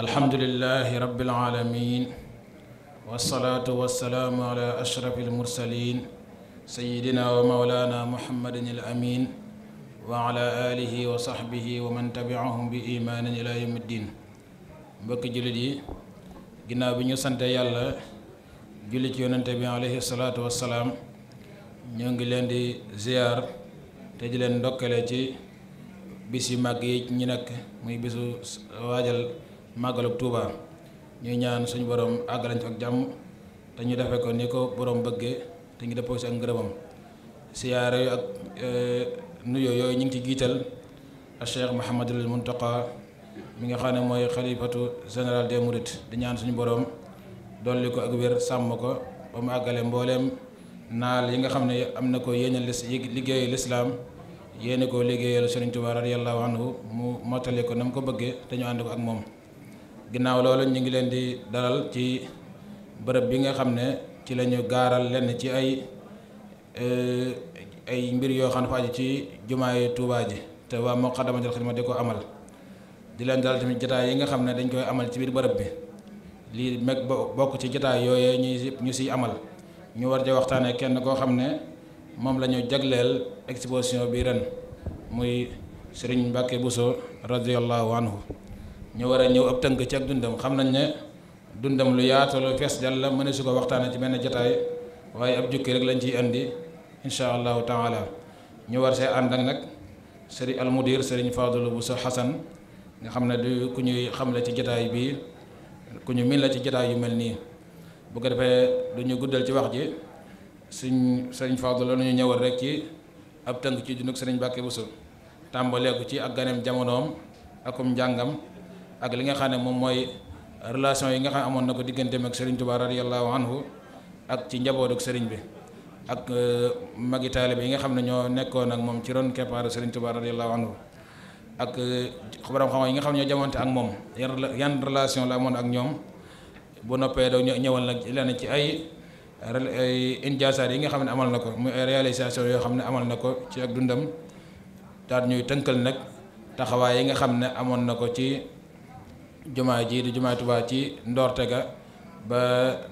alhamdulilahi rabbil alamin wasalaatu wasalaamu ala ashrafil mursalin sayidina wa maulana muhammadin amin wa ala wa sahbihi wa man tabiahum bi imaanin ila yawmi ddin mbokki jullit yi ginnaaw bi ñu sante yàlla julli ci yonente bi alayhi salaatu wasalaam ñoo ngi leen di ziar te di leen ndokkale ci bis yu yi ñu nekk muy bisu waajal màggalub Tuuba ñuy ñaan suñu borom àggalañ ci ak jàmm te ñu defee ni ko borom bëggee te ñu dëppoo si ak ngërëmam siyaare yu ak eh, nuyoo yooyu ñu ngi ci giital ak Cheikh Mouhamadul Mountakha mi nga xam ne mooy xalifatu général des Mourides di ñaan suñu borom dolli ko ak wér sàmm ko ba mu àggale mbooleem naal yi nga xam ne am na ko yéene liggéeyu lislaam yéene ko liggéeyal Sëriñ Tuubaa radiyallaahu anhu mu mottali ko na mu ko bëggee te ñu ànd ko ak moom ginnaaw loolu ñu ngi leen di daral ci bërëb bi nga xam ne ci lañu gaaral lenn ci ay e, ay mbir yoo xam ne fa aju ci jumaay Tuubaa ji te waa Moukhaddamatoul ma di ko amal di leen dalal tamit jataay yi nga xam ne dañ koy amal ci biir bërëb bi lii meg bokk ci jataay yooyee ñuy ñu siy amal ñu war ja waxtaanee kenn koo xam ne moom la jagleel exposition bi ren muy Serigne Mbacke Bousso radiyallahu anhu ñu war a ñëw ab tënk ci ak dundam xam nañ ne dundam lu yaatalu fees dal la mëne su ko waxtaane ci benn jataay waaye ab jukki rek lañ ciy indi incha allahu taala ñu war see ànd ak nag sëriñ almudir sëriñ bu sa Xasan nga xam ne du ku ñuy xam la ci jataay bii ku ñu min la ci jataay yu mel nii bu ko defee du ñu guddal ci wax ji suñ sëriñ Fadlu la ñu ñëwal rek ci ab tënk ci dunduk sëriñ Mbàkke Bousso tàmbaleeku ci ak ganeem jamonoom akum njàngam ak li nga xam ne moom mooy relation yi nga xam ne amoon na ko digganteem ak Serigne Touba radiyallahu anhu ak ci njaboot ak Serigne bi ak euh, magi taalibe yi nga xam ne ñoo nekkoon ak moom ci ron keppaaru Serigne Touba radiyallahu anhu ak euh, borom xam yi nga xam ne ñoo jamonte ak moom yan relation la amoon ak ñoom bu noppee doo ñëwal nag lenn ci ay injaasaar yi nga xam ne amal na ko muy ay réalisation yoo xam ne amal na ko ci ak dundam daal ñuy tënkal nag taxawaay yi nga xam ne amoon na ko ci jumaa ji di jumaa Tuubaa ci ndoorte ga ba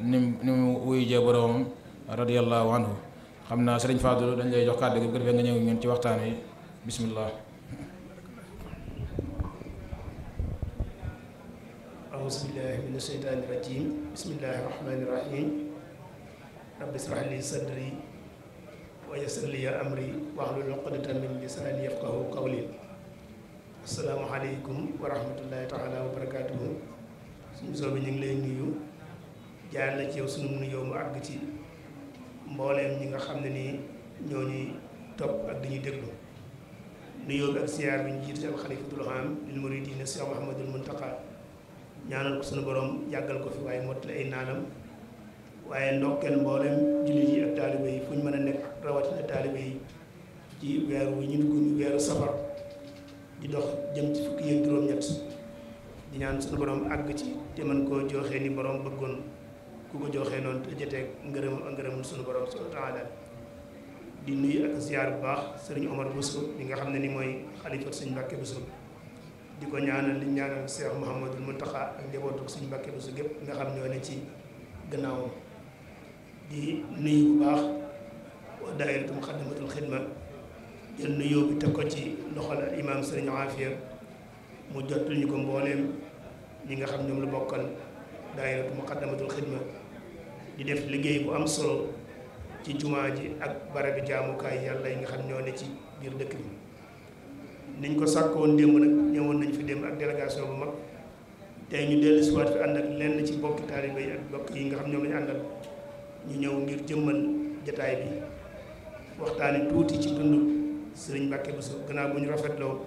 ni mu ni boroomam radiyallahu xam naa sëriñ Fadlu dañ lay jox kàddu gi bu ko nga ñëw ñun ci waxtaan wi bismillah auzu billahi min asheytaani rajim bismillahi rahmaani rahim rabbi israh li sadri wa yassir li asalaamaaleykum wa rahmatullahi taala wa barakaatuhu suñu soo bi ñu ngi lay nuyu jaar na ci yow sunu nuyoo mu àgg ci mbooleem ñi nga xam ne ni ñoo ñuy topp ak di ñuy déglu nuyoo bi ak siyaar bi ñu jiitu seen xalifatul aam lil muridina Cheikh Mouhamadul Muntaqa ñaanal ko sunu borom yàggal ko fi waaye mottali ay naanam waaye ndokkeel mbooleem jullit yi ak taalibe yi fu ñu mën a nekk rawatina taalibe yi ci weer wu ñu weeru safar. di dox jëm ci fukki yëg juróom-ñett di ñaan suñu borom àgg ci te mën koo joxee ni borom bëggoon ku ko joxee noonu te jotee ngërëm ak ngërëmul suñu borom subhanahu wa di nuy ak ziar bu baax sëriñ Omar Bousso mi nga xam ne ni mooy xalifat suñu Mbàkke Bousso di ko ñaanal li ñaanal Cheikh mu taxaa ak njabootu suñu Mbàkke Bousso gépp nga xam ñoo ne ci gannaawam di nuyu bu baax daayiratul Muxaddamatul Xidma jël nuyoo bi teg ko ci loxo al imaam sëriñ Afia mu jotul ñu ko mbooleem ñi nga xam ñoom lu bokkal daayiratu muqaddamatul xidma di def liggéey bu am solo ci jumaa ji ak barabi jaamukaay yàlla yi nga xam ñoo ne ci biir dëkk bi niñ ko sàkkoon démb nag ñëwoon nañ fi démb ak délégation bu mag tey ñu dellu si waat fi ànd ak lenn ci bokki taaliba yi ak bokk yi nga xam ñoom lañu àndal ñu ñëw ngir jëmmal jataay bi waxtaane tuuti ci dund sëriñ Mbàkke Bousso gannaaw bu ñu rafetloo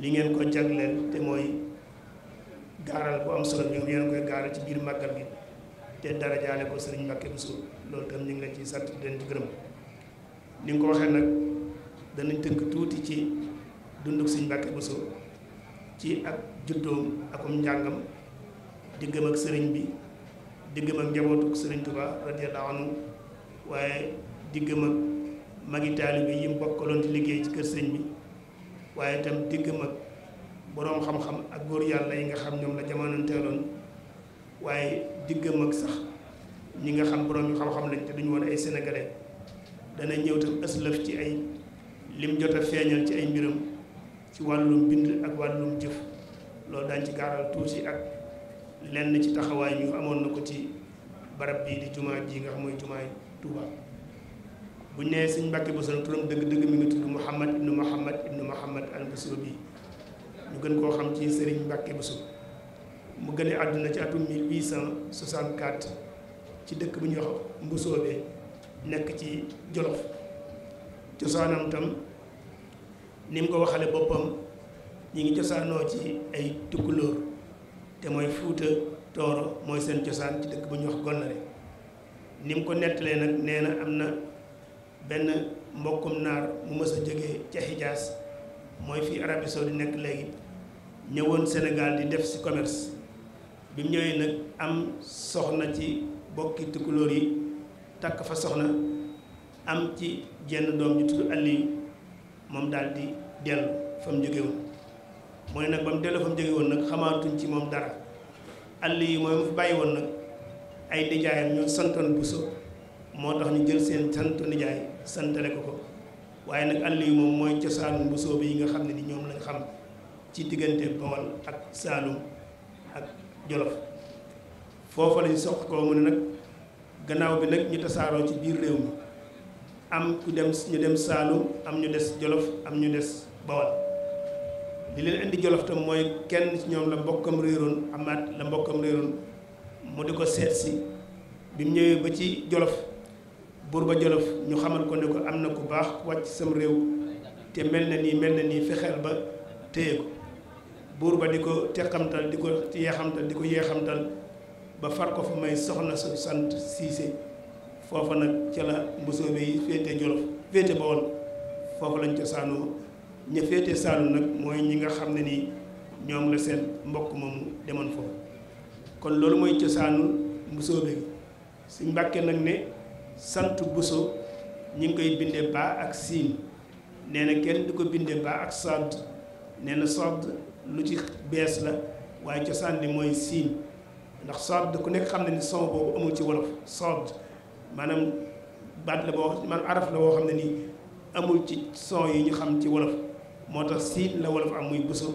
li ngeen ko jagleel te mooy gaaral bu am solo bi ngeen koy gaaral ci biir màggal gi te dara jaale ko sëriñ Mbàkke Bousso loolu tam ñu ngi leen ciy sant di leen ci gërëm nga ko waxee nag danañ tënk tuuti ci dunduk sëriñ Mbàkke Bousso ci ak juddoom akum njàngam diggam ak sëriñ bi diggam ak njabootuk sëriñ Tuubaa radiyallaahu anhu waaye diggam magi taalibe yi mu bokkaloon liggéey ci kër sëñ bi waaye itam digg mag boroom xam ak góor yàlla yi nga xam ñoom la jamono teeloon waaye digg mag sax ñi nga xam boroom yu xam lañ te duñu woon ay sénégalais dana ñëw tam ci ay lim jot a ci ay mbiram ci wàllum bind ak wàllum jëf loolu daañ ci gaaral tuuti ak lenn ci taxawaay ñu amoon na ko ci barab bii di jumaa ji nga xam mooy jumaay Tuubaa bu ñu nee sëñ Mbàkke Bousso nag turam dëgg-dëgg mi ngi tudd Mouhamad ibnu Mouhamad ibnu Mouhamad al Bousso bi ñu gën koo xam ci Serigne Mbàkke Bousso mu gënee àdduna ci atum 1864 ci dëkk bu ñuy wax Mbusoobe nekk ci Jolof cosaanam tam ni mu ko waxale boppam ñi ngi cosaanoo ci ay tukkulóor te mooy Fuuta Tooro mooy seen cosaan ci dëkk bu ñuy wax Gollare ni mu ko nettalee nag nee na am na benn mbokkum naar mu mës a ca xijaas mooy fi Arabie Saoudite nekk léegi ñëwoon Sénégal di def ci commerce bi mu ñëwee nag am soxna ci bokki tukulóor yi takk fa soxna am ci jenn doom ju tudd Aliou moom daal di dellu fa mu jóge mooy nag ba mu dellu fa mu jóge woon nag xamaatuñ ci moom dara Aliou mooy mu fi bàyyi woon nag ay nijaayam ñoo santoon Bousso moo tax ñu jël seen sant nijaay santale ko ko waaye nag àll yu moom mooy cosaanu mbusoobe yi nga xam ne di ñoom lañ xam ci diggante Bawol ak Saalum ak Jolof foofa lañu sox ko mu ne nag gannaaw bi nag ñu tasaaroo ci biir réew mi am ku dem ñu dem Saalum am ñu des Jolof am ñu des Bawol li leen indi Jolof tam mooy kenn ci ñoom la mbokkam réeroon amaat la mbokkam réeroon mu di ko seet si bi mu ñëwee ba ci Jolof buur ba jolof ñu xamal ko ne ko am na ku baax wàcc sam réew te mel na nii mel na nii fexeel ba téye ko buur ba di ko teqamtal di ko yeexamtal di ko yeexamtal ba far ko fa may soxna su sant siise foofa nag ca la mbusoobe yi féete jolof féete bawol foofa lañ cosaanoo ña féete saalum nag mooy ñi nga xam ne nii ñoom la seen mbokk moomu demoon foofu kon loolu mooy cosaanu mbusoobe gi suñ mbàkkee nag ne sant buso ñu ngi koy bindee ba ak siin nee na kenn du ko bindee ba ak sodd nee na sodd lu ci bees la waaye cosaan li mooy siin ndax sodd ku nekk xam ne ni son boobu amul ci wolof sodd maanaam baat la boo maanaam araf la boo xam ne nii amul ci son yi ñu xam ci wolof moo tax siin la wolof am muy Bousso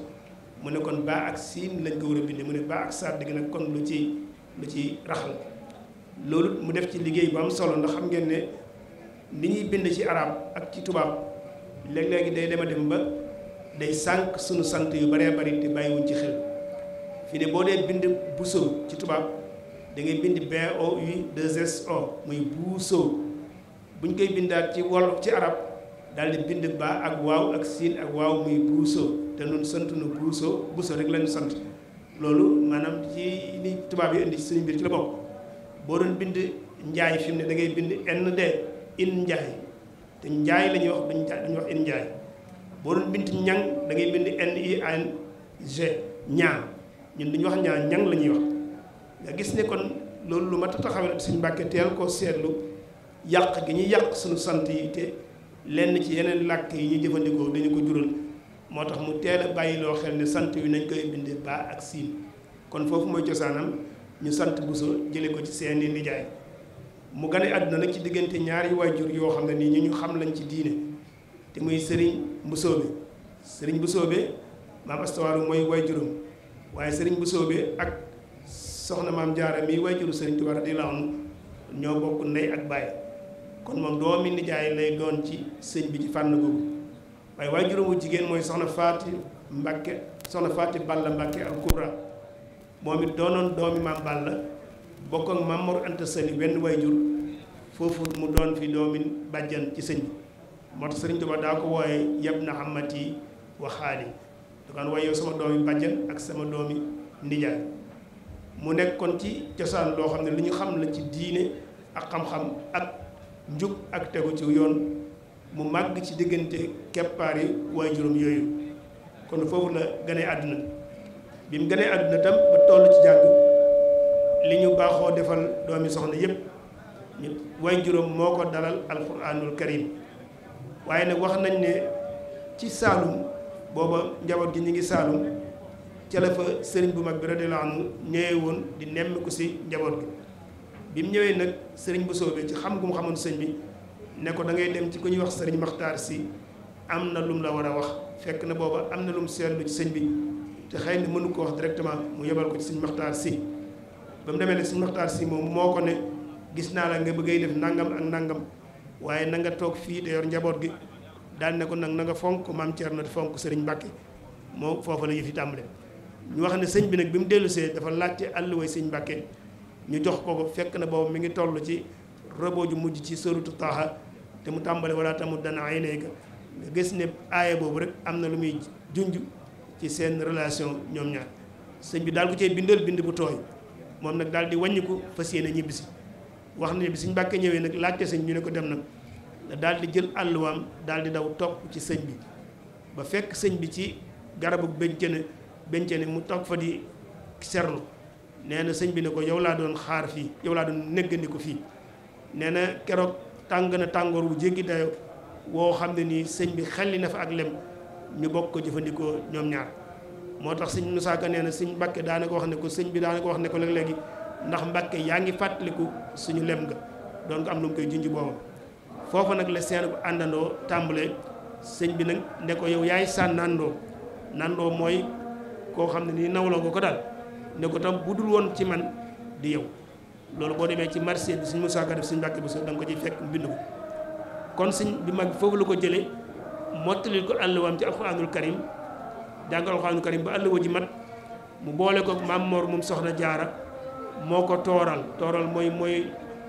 mu ne kon ba ak siin lañ ko war a bindee mu ne ba ak sodd gi nag kon lu ci lu ci raxal loolu mu def ci liggéey bu am solo ndax xam ngeen ne li ñuy bind ci arab ak ci tubaab léeg-léegi day dema dem ba day sànq sunu sant yu baree bari te bàyyiwuñ ci xel fii ne boo dee bind buso ci tubaab dangay bind b o u 2 s o buñ koy bindaat ci wolof ci arab daal di bind baa ak waaw ak siin ak waaw muy buusoo te nun sant nu buusoo buso rek lañu sant loolu maanaam ci ni tubaab yi indi ci suñu mbir ci la bokk boo doon bind njaay fi mu ne da bind nd in njaay te njaay la ñuy wax duñ dañuy wax in njaay boo doon bind ñaŋ dangay ngay bind n i n g ñaa ñun duñu wax ñaa ñaŋ lañuy ñuy wax nga gis ne kon loolu lu mat a taxawal suñ mbàkke teel koo seetlu yàq gi ñu yàq suñu sant yi te lenn ci yeneen làkk yi ñu jëfandikoo dañu ko jural moo tax mu teel a bàyyi loo xel ne sant yu nañ koy bindee baa ak siin kon foofu mooy cosaanam ñu sant bu Bousso jële ko ci seeni nijaay mu gane àdduna nag ci diggante ñaari waajur yoo xam ne nii ñu ñu xam lañ ci diine te muy sëriñ bu Serigne sëriñ bu Mbusoobe maam Astawaaru mooy waajuram waaye sëriñ Serigne Mbusoobe ak soxna maam Jaara mi waajuru Serigne Touba radiyallaahu anhu ñoo bokk ndey ak baay kon moom doomi nijaay lay doon ci sëñ bi ci fànn googu waaye waajuramu jigéen mooy soxna Faati Mbàkke soxna Faati Balla Mbàkke al Kubra moom it doonoon doomi maam Balla bokk ak maam Mor Anta Sali wenn wayjur foofu mu doon fi doomi bàjjan ci sëñ bi moo tax sëriñ Tuubaa daa ko wooyee yab na xamati wa xaali da kon waaye yow sama doomi bàjjan ak sama doomi nijaay mu nekk kon ci cosaan loo xam ne li ñu xam la ci diine ak xam-xam ak njub ak tegu ci yoon mu màgg ci diggante keppaari waajuram yooyu kon foofu la gane àdduna bi mu gënee àdduna tam ba toll ci jàng li ñu baaxoo defal doomi soxna yëpp ñu way juróom moo ko dalal alquranul karim waaye nag wax nañ ne ci saalum booba njaboot ji ñu ngi saalum ca la fa sëriñ bu mag bi radiyallahu anhu ñëwee woon di nemm ko si njaboot gi bi mu ñëwee nag sëriñ bu soobee ci xam gu mu xamoon sëñ bi ne ko da dem ci ku ñuy wax sëriñ maxtaar si am na lum la war a wax fekk na booba am na lum seetlu ci sëñ bi te xëy na mënu ko wax directement mu yebal ko ci suñ maxtaar si ba mu demee ne suñ maxtaar si moom moo ko ne gis naa la nga bëgg ay def nangam ak nangam waaye na nga toog fii te yor njaboot gi daal ne ko nag na nga fonk maam Thierno na fonk sëriñ Mbacke moo foofu la ñu fi tàmbale ñu wax ne sëñ bi nag bi mu dellusee dafa laajte àlluway sëñ Mbacke ñu jox ko ko fekk na boobu mi ngi toll ci robo ju mujj ci sóoratu Taaha te mu tàmbale wala tamut dana ay léegi ne aaya boobu rek am na lu muy junj ci seen relation ñoom ñaar sëñ bi daal ko cee bindal bind bu tooy moom nag daal di wàññiku fas yéene ñibbisi wax na bi suñ bàkkee ñëwee nag laajte sëñ ñu ne ko dem na daal di jël àlluwaam daal di daw topp ci sëñ bi ba fekk sëñ bi ci garabu bencene bencene mu toog fa di serlu nee na sëñ bi ne ko yow laa doon xaar fii yow laa doon néggandiku fii nee na keroog tàng na tàngoor wu jéggi dayo woo xam ne nii sëñ bi xelli na fa ak lem ñu bokk ko jëfandikoo ñoom ñaar moo tax suñ Moussa nee na sëñ Mbàkke daana ko wax ne ko sëñ bi daana ko wax ne ko léeg-léegi ndax Mbàkke yaa ngi fàttaliku suñu lem nga doon ko am lu mu koy junj boobu nag la seen àndandoo tàmbalee sëñ bi nag ne yow yaay sàn nandoo nandoo mooy koo xam ne nii nawloo nga ko daal ne tam bu dul woon ci man di yow loolu boo demee ci marché bi sëñ Moussa Ka def sëñ Mbàkke da ko ci fekk mbind ko kon sëñ bi foofu la ko jëlee mottalil ko àlluwaam ci alxuraanul karim jàng karim ba àlluwa ji mat mu boole ko maam Mor moom soxna jaara moo ko tooral tooral mooy mooy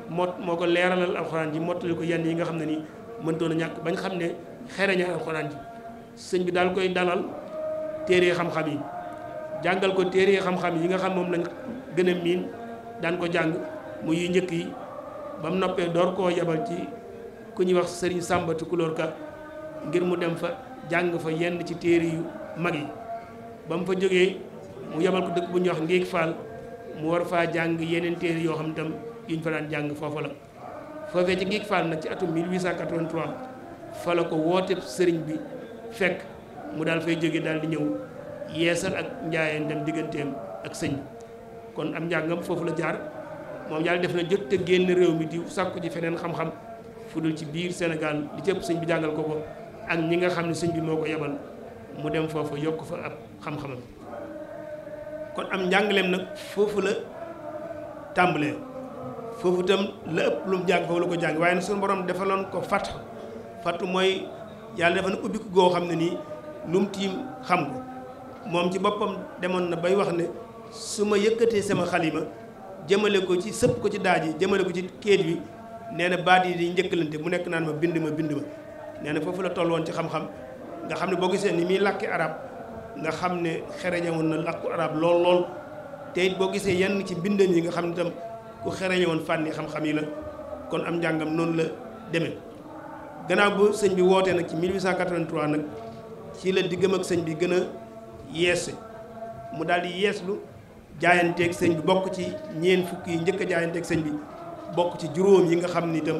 mot moo ko leeralal alxuraan ji mottalil ko yenn yi nga xam ne nii mëntoon a ñàkk bañ xam ne xereña alxuraan ji sëñ bi daal koy dalal téere xam-xam yi jàngal ko téere xam-xam yi nga xam moom lañ gën a miin daan ko jàng mu yi njëkk yi ba mu noppee door koo yabal ci ku ñuy wax sëriñ sàmbatu kulóor ka ngir mu dem fa jàng fa yenn ci téere yu mag yi ba mu fa jógee mu yebal ko dëkk bu ñuy wax Ngéeg Fall mu war faa jàng yeneen téere yoo xam tam yuñ fa daan jàng foofa la foofee ci Ngéeg Fall na ci atum 1883 fa la ko woote sëriñ bi fekk mu daal fay jóge daal di ñëw yeesal ak njaayeen dem digganteem ak sëñ kon am njàngam foofu la jaar moom yàlla def na jot te génn réew mi di sàkku ji feneen xam-xam fu dul ci biir Sénégal li ci sëñ bi jàngal ko ko ak ñi nga xam ne sëñ bi moo ko yebal mu dem foofu yokk fa ab xam-xamam kon am njàngaleem nag foofu la tàmbalee foofu tam la ëpp lum mu jàng foofu la ko jàng waaye nag suñu borom defaloon ko fat fatu mooy yàlla dafa na ubbi ko goo xam ne nii lu tiim xam ko moom ci boppam demoon na bay wax ne su ma yëkkatee sama xalima jëmale ko ci sëpp ko ci daaj yi jëmale ko ci kéet wi nee na baat yi di njëkkalante mu nekk naan ma bind ma bind ma nee na foofu la toll woon ci xam-xam nga xam ne boo gisee ni muy làkki arab nga xam ne xereñe woon na làkku arab lool lool te boo gisee yenn ci mbindam yi nga xam ne ku xereñe woon fànni xam-xam yi la kon am njàngam noonu la deme gannaaw bu sëñ bi wootee nag ci 1883 nag ci la diggam ak sëñ bi gën a yeese mu daal di yeeslu jaayanteeg sëñ bi bokk ci ñeen fukk yi njëkk a jaayanteeg sëñ bi bokk ci juróom yi nga xam ni itam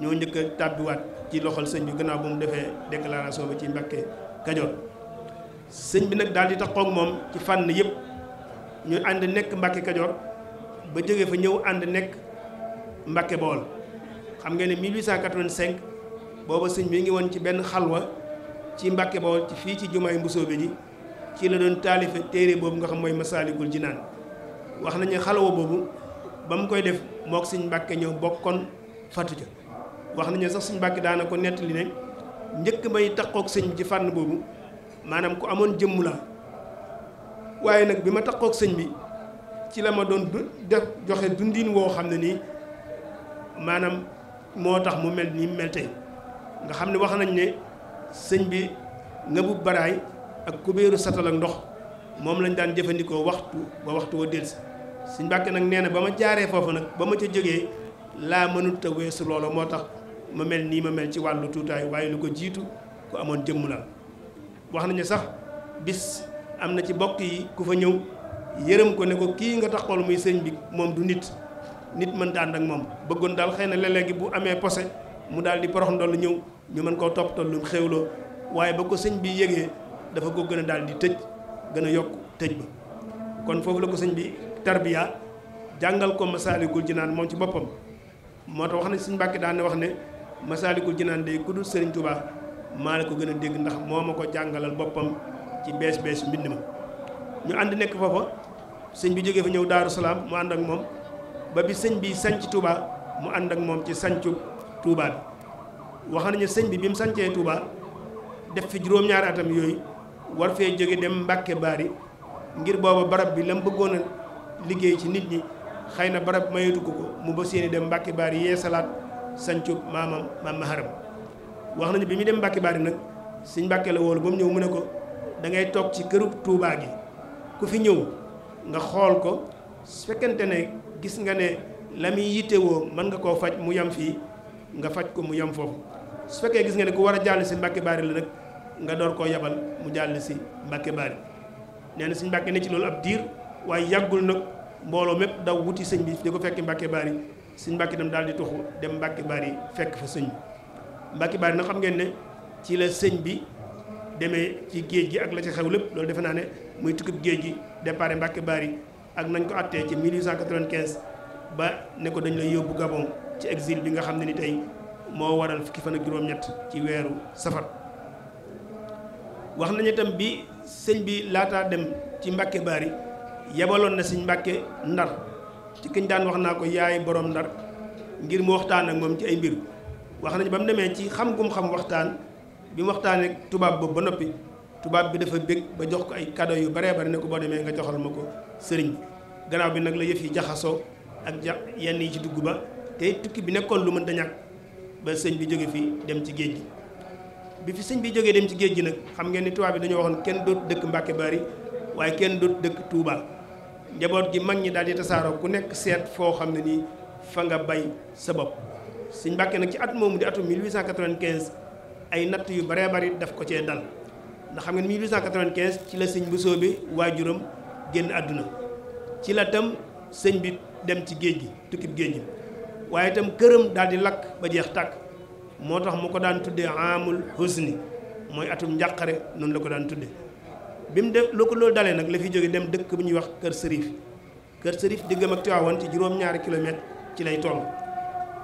ñoo njëkk a tàbbiwaat ci loxol sëñ bi gannaaw ba mu defee déclaration bi ci Mbàkke Kajoor sëñ bi nag daal tax taxaw moom ci fànn yëpp ñu ànd nekk mbakke Kajoor ba jóge fa ñëw ànd nekk Mbàkke Bawol xam ngeen ne 1885 booba sëñ bi ngi woon ci benn xalwa ci Mbàkke Bawol fii ci jumaay Mbusoobe ji ci la doon taalife téere boobu nga xam mooy Masaalikul Jinaan wax nañu xalwa boobu ba mu koy def mook sëñ Mbàkke ñëw bokkoon fatu ca wax nañu sax suñ mbàkki daana ko nettali ne njëkk bay taqoog sëñ bi fànn boobu maanaam ku amoon jëmm la waaye nag bi ma taqoog sëñ bi ci la ma doon def joxe dundin woo xam ne nii maanaam moo tax mu mel nii mel nga xam ne wax nañ ne sëñ bi nga nëbu baraay ak kubéeru satal ak ndox moom lañ daan jëfandikoo waxtu ba waxtu wa delsi suñ mbàkke nag nee na ba ma jaaree foofu nag ba ma ca jógee laa mënut a weesu loolu moo tax ma mel nii ma mel ci wàllu tuutaay waaye lu ko jiitu ku amoon jëmm la wax nañu sax bis am na ci bokk yi ku fa ñëw yërëm ko ne ko kii nga tax taxool muy sëñ bi moom du nit nit mën ta ànd moom bëggoon daal xëy na léeg-léegi bu amee posé mu daal di porox ndoll ñëw ñu mën koo toppatoo lu xewloo waaye ba ko sëñ bi yëgee dafa ko gën a daal di tëj gën a yokk tëj ba kon foofu la ko sëñ bi tarbiya jàngal ko Masaalikul naan moom ci boppam moo tax wax na sëñ Mbàkke daan ne wax ne masaalikul jinaan day ku dul sëriñ Tuubaa maa la ko gën a dégg ndax moo ma ko jàngalal boppam ci bees bees mbind ma ñu ànd nekk foofa sëñ bi jógee fa ñëw Daaru Salaam mu ànd ak moom ba bi sëñ bi sanc Touba mu ànd ak moom ci sancu Touba bi wax nañu sëñ bi bim mu sancee def fi juróom-ñaari atam yooyu war fee jóge dem Mbàkke Baari ngir booba barab bi la mu bëggoon a liggéey ci nit ñi xëy na barab mayetu ko mu ba séeni dem Mbàkke Baari yee salaat sancu maamam maam wax nañu bi muy dem Mbàkke Bari nag suñ Mbàkke la woolu ba mu ñëw mu ne ko dangay toog ci këru Tuubaa gi ku fi ñëw nga xool ko su ne gis nga ne la muy mën nga koo faj mu yam fii nga faj ko mu yam foofu su fekkee gis nga ne ku war a jàll si Mbàkke Bari la nag nga door koo yabal mu jàll si Mbàkke Bari nee na suñ Mbàkke ne ci loolu ab diir waaye yàggul nag mbooloo mépp daw wuti sëñ bi di ko fekki Mbàkke yi suñ mbàkki dem daal di tuxu dem mbàkki bari fekk fa sëñ bi mbàkki bari na xam ngeen ne ci la sëñ bi demee ci géej gi ak la ci xew lépp loolu defe naa ne muy tukkib géej gi départ mbàkki yi ak nañ ko attee ci 1895 ba ne ko dañ lay yóbbu Gabon ci exil bi nga xam ne ni tey moo waral fukki fan ak juróom-ñett ci weeru safar wax nañu itam bi sëñ bi laataa dem ci mbàkke yi yebaloon na sëñ mbàkke ndar ci kiñ daan wax naa ko yaay borom ndar ngir mu waxtaan ak moom ci ay mbir wax nañ ba mu demee ci xam gum xam waxtaan bi mu waxtaanee ak tubaab boobu ba noppi tubaab bi dafa bég ba jox ko ay cadeau yu baree bari ne ko boo demee nga joxal ma ko sëriñ gannaaw bi nag la yëf yi jaxasoo ak ja yenn yi ci dugg ba tey tukki bi nekkoon lu mën ñàkk ba sëñ bi jóge fi dem ci géej gi. bi fi sëñ bi jógee dem ci géej gi nag xam ngeen ni tubaab bi dañoo waxoon kenn dootu dëkk Mbàkke Bari waaye kenn dootu dëkk Touba. njaboot gi mag ñi daal di tasaaroo ku nekk seet foo xam ne nii fa nga bay sa bopp Sëñ Mbàkke nag ci at moomu di atum 1895 ay natt yu baree bari daf ko cee dal ndax xam ngeen 1895 ci la sëñ bu soobe waajuram génn àdduna ci la tam sëñ bi dem ci géej gi tukkib géej gi waaye itam këram daal di lakk ba jeex tàkk moo tax mu ko daan tudde amul husni mooy atum njàqare noonu la ko daan tudde bi mu def lu ko loolu dalee nag la fi jóge dem dëkk bu ñuy wax kër sërif kër sërif diggam ak Tiwaawan ci juróom-ñaari kilomètre ci lay tomb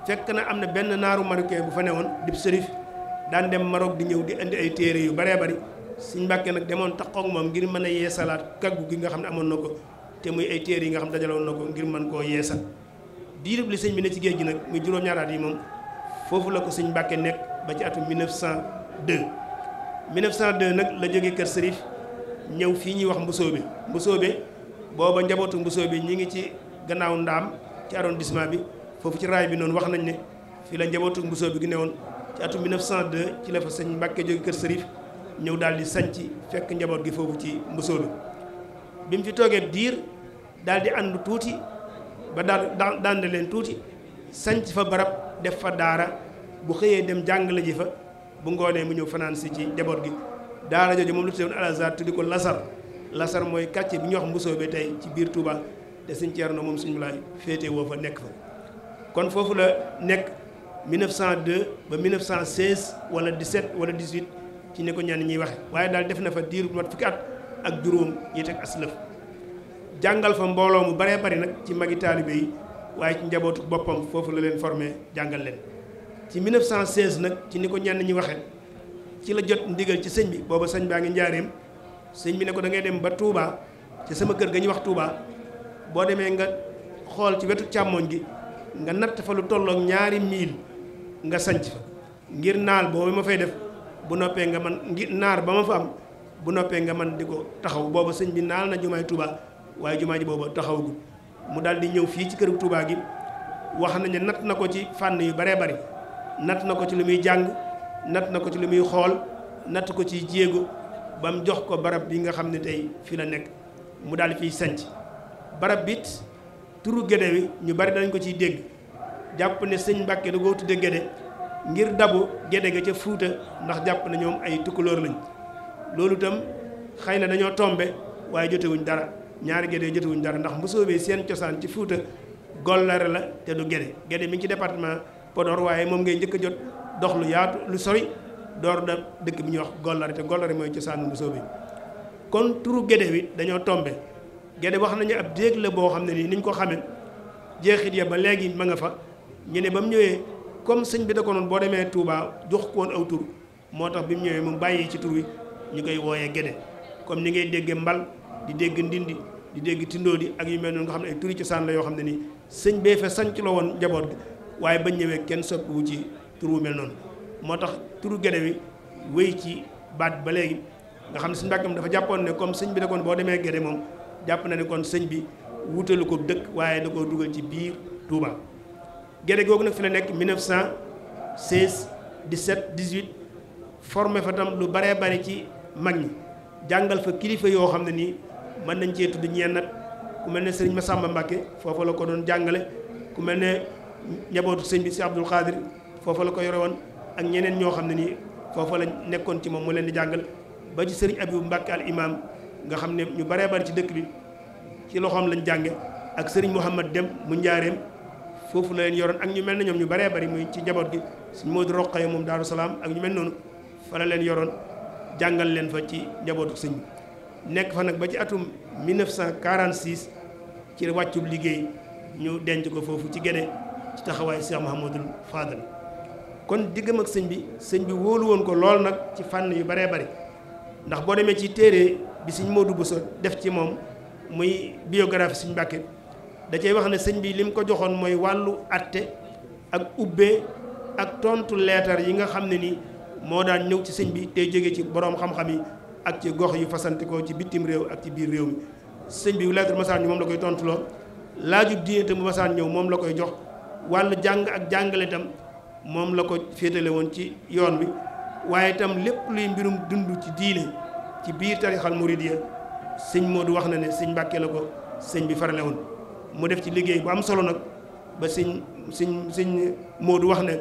fekk na am na benn naaru marocain bu fa ne woon dib sërif daan dem Maroc di ñëw di indi ay téere yu baree bari suñ mbàkkee nag demoon tax taxaw moom ngir mën a yeesalaat kaggu gi nga xam ne amoon na ko te muy ay téere yi nga xam ne dajaloon na ko ngir mën koo yeesal diirub li sëñ bi ne ci géej gi nag muy juróom-ñaaraat yi moom foofu la ko suñ mbàkkee nekk ba ci atum 1902 1902 nag la jógee kër sërif ñëw fii ñuy wax bi mbusoobe mbusoobe booba njabootu bi ñu ngi ci gannaaw ndaam ci arrondissement bi foofu ci raay bi noonu wax nañ ne fii la njabootu bi gi newoon ci atum 1902 ci la fa sëñ Mbàkke jóge kër Sërif ñëw daal di sanc fekk njaboot gi foofu ci mbusoobe bi mu fi toogee diir daal di ànd tuuti ba daal daan leen tuuti sañc fa barab def fa daara bu xëyee dem jàngale ji fa bu ngoonee mu ñëw fanaan si ci njaboot gi daara jooju moom la tudde woon Al Azhar tuddi ko lasar lasar mooy quartier bi ñuy wax mbusoo bi tey ci biir Touba te sëñ Thierno moom suñu laay féete woo fa nekk fa kon foofu la nekk 1902 ba 1916 wala 17 wala 18 ci ne ko ñaan ñuy waxe waaye daal def na fa diir bu mat at ak juróom yi teg aslëf jàngal fa mbooloo mu baree bari nag ci magi taalibe yi waaye ci njabootu boppam foofu la leen formé jàngal leen ci 1916 nag ci ni ko ñenn ñi waxee ci la jot ndigal ci sëñ bi booba sëñ baa ngi njaareem sëñ bi ne ko da ngay dem ba Touba ci sama kër ga ñu wax Touba boo demee nga xool ci wetu càmmooñ gi nga natt fa lu tollook ñaari miil nga sanc fa ngir naal boobu ma fay def bu noppee nga man ngir naar ba ma fa am bu noppee nga man di ko taxaw booba sëñ bi naal na jumaay tuubaa waaye jumaa ji booba taxawagul mu daal di ñëw fii ci këru Touba gi wax nañu natt na ko ci fànn yu baree bari natt na ko ci lu muy jàng natt na ko ci li muy xool natt ko ci jéego ba mu jox ko barab bi nga xam ne tey fii la nekk mu daal fiy sanc barab bit turu gédé wi ñu bari dañ ko ciy dégg jàpp ne sëñ Mbàkke da koo tudde gédé ngir dabu gédé ga ca Fuuta ndax jàpp ne ñoom ay tukkulóor lañ loolu itam xëy na dañoo tombe waaye jotewuñ dara ñaari gédé jotewuñ dara ndax mbusóobee seen cosaan ci Fuuta gollare la te du gédé gédé mi ngi ci département podoor waaye moom ngay njëkk a jot dox lu yaatu lu sori door da dëkk bi ñuy wax gollare te gollare mooy cosaanu mosoo bi kon turu gédé wi dañoo tombe gédé wax nañu ab déeg la boo xam ne nii niñ ko xamee jeexit ya ba léegi ma nga fa ñu ne ba mu ñëwee comme sëñ bi da boo demee Touba jox ko woon aw tur moo tax bi mu ñëwee mu bàyyi ci tur wi ñu koy wooyee gédé comme ni ngay dégg mbal di dégg ndindi di dégg tindoo di ak yu mel nga xam ne ay turi cosaan la yoo xam ne nii sëñ bee fa sanc la woon njaboot gi waaye bañ ñëwee kenn soppiwu ci tur wu mel noonu moo tax turu gede wi wéy ci baat ba léegi nga xam ne suñu mbàkkam dafa jàppoon ne comme sëñ bi da boo demee gede moom jàpp na ne kon sëñ bi wutalu ko dëkk waaye da koo dugal ci biir Touba. gede googu nag fi la nekk 1916 di 18 formé fa tam lu baree bari ci mag ñi jàngal fa kilifa yoo xam ne nii mën nañ cee tudd ñeen nag ku mel ne sëriñ Massamba Mbacke foofu la ko doon jàngale ku mel ne njabootu sëñ bi si Abdoul Khadir foofa la ko yore woon ak ñeneen ñoo xam ne nii foofa la nekkoon ci moom mu leen di jàngal ba ci sëriñ Abibu Mbàkke al imaam nga xam ne ñu bare bari ci dëkk bi ci loxoom lañ jànge ak sëriñ Mouhamad Dem mu njaareem foofu la leen yoroon ak ñu mel ne ñoom ñu baree bari muy ci njaboot gi suñ Moodu Roqaya moom Daaru Salaam ak ñu mel noonu fa la leen yoroon jàngal leen fa ci njabootu sëñ bi nekk fa nag ba ci atum 1946 ci wàccub liggéey ñu denc ko foofu ci Guédé ci taxawaay Cheikh Mouhamadul kon diggam ak sëñ bi sëñ bi wóolu woon ko lool nag ci fànn yu baree bari ndax boo demee ci téere bi sëñ Modou Bousso def ci moom muy biographie sëñ Mbàkke da cay wax ne sëñ bi lim ko joxoon mooy wàllu atte ak ubbee ak tontu leetar yi nga xam ne ni moo daan ñëw ci sëñ bi tey jóge ci boroom xam-xam yi ak ci gox yu fasante ci bitim réew ak ci biir réew mi sëñ bi leetar masaan ñi moom la koy tontuloo laajub diine te mu masaan ñëw moom la koy jox wàllu jàng ak jàngale moom la ko féetale woon ci yoon bi waaye itam lépp luy mbirum dund ci diile ci biir tarixal muridiyya sëñ Modou wax na ne sëñ Mbàkke la ko sëñ bi farale woon mu def ci liggéey bu am solo nag ba sëñ sëñ sëñ Modou wax ne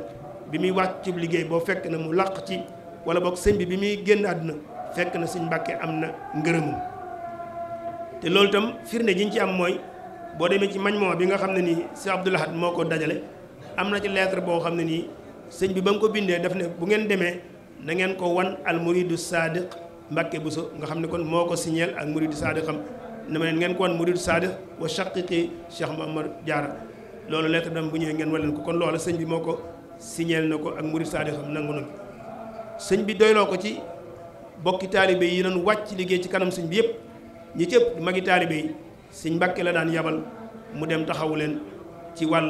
bi muy wàcc ci liggéey boo fekk na mu làq ci wala boog sëñ bi bi muy génn àdduna fekk na sëñ Mbàkke am na ngërëmam te loolu itam firnde ji ñu ci am mooy boo demee ci mañ moo bi nga xam ne nii si Abdoul moo ko dajale am na ci lettre boo xam ne nii sëñ bi ba nga ko bindee daf ne bu ngeen demee na ngeen ko wan al muridu sadiq bu Buso nga xam ne kon moo ko signeel ak muridu sadiq xam ne ma ngeen ko wan muridu sadiq wa shaqiqi Cheikh Mamadou Diarra loolu lettre dam bu ñëwee ngeen wan leen ko kon loola sëñ bi moo ko siñel na ko ak muridu sadiq xam nangu na sëñ bi doyloo ko ci bokki taalibe yi doon wàcc liggéey ci kanam sëñ bi yëpp ñi cëpp magi taalibe yi sëñ Mbàkke la daan yabal mu dem taxawu leen ci wàll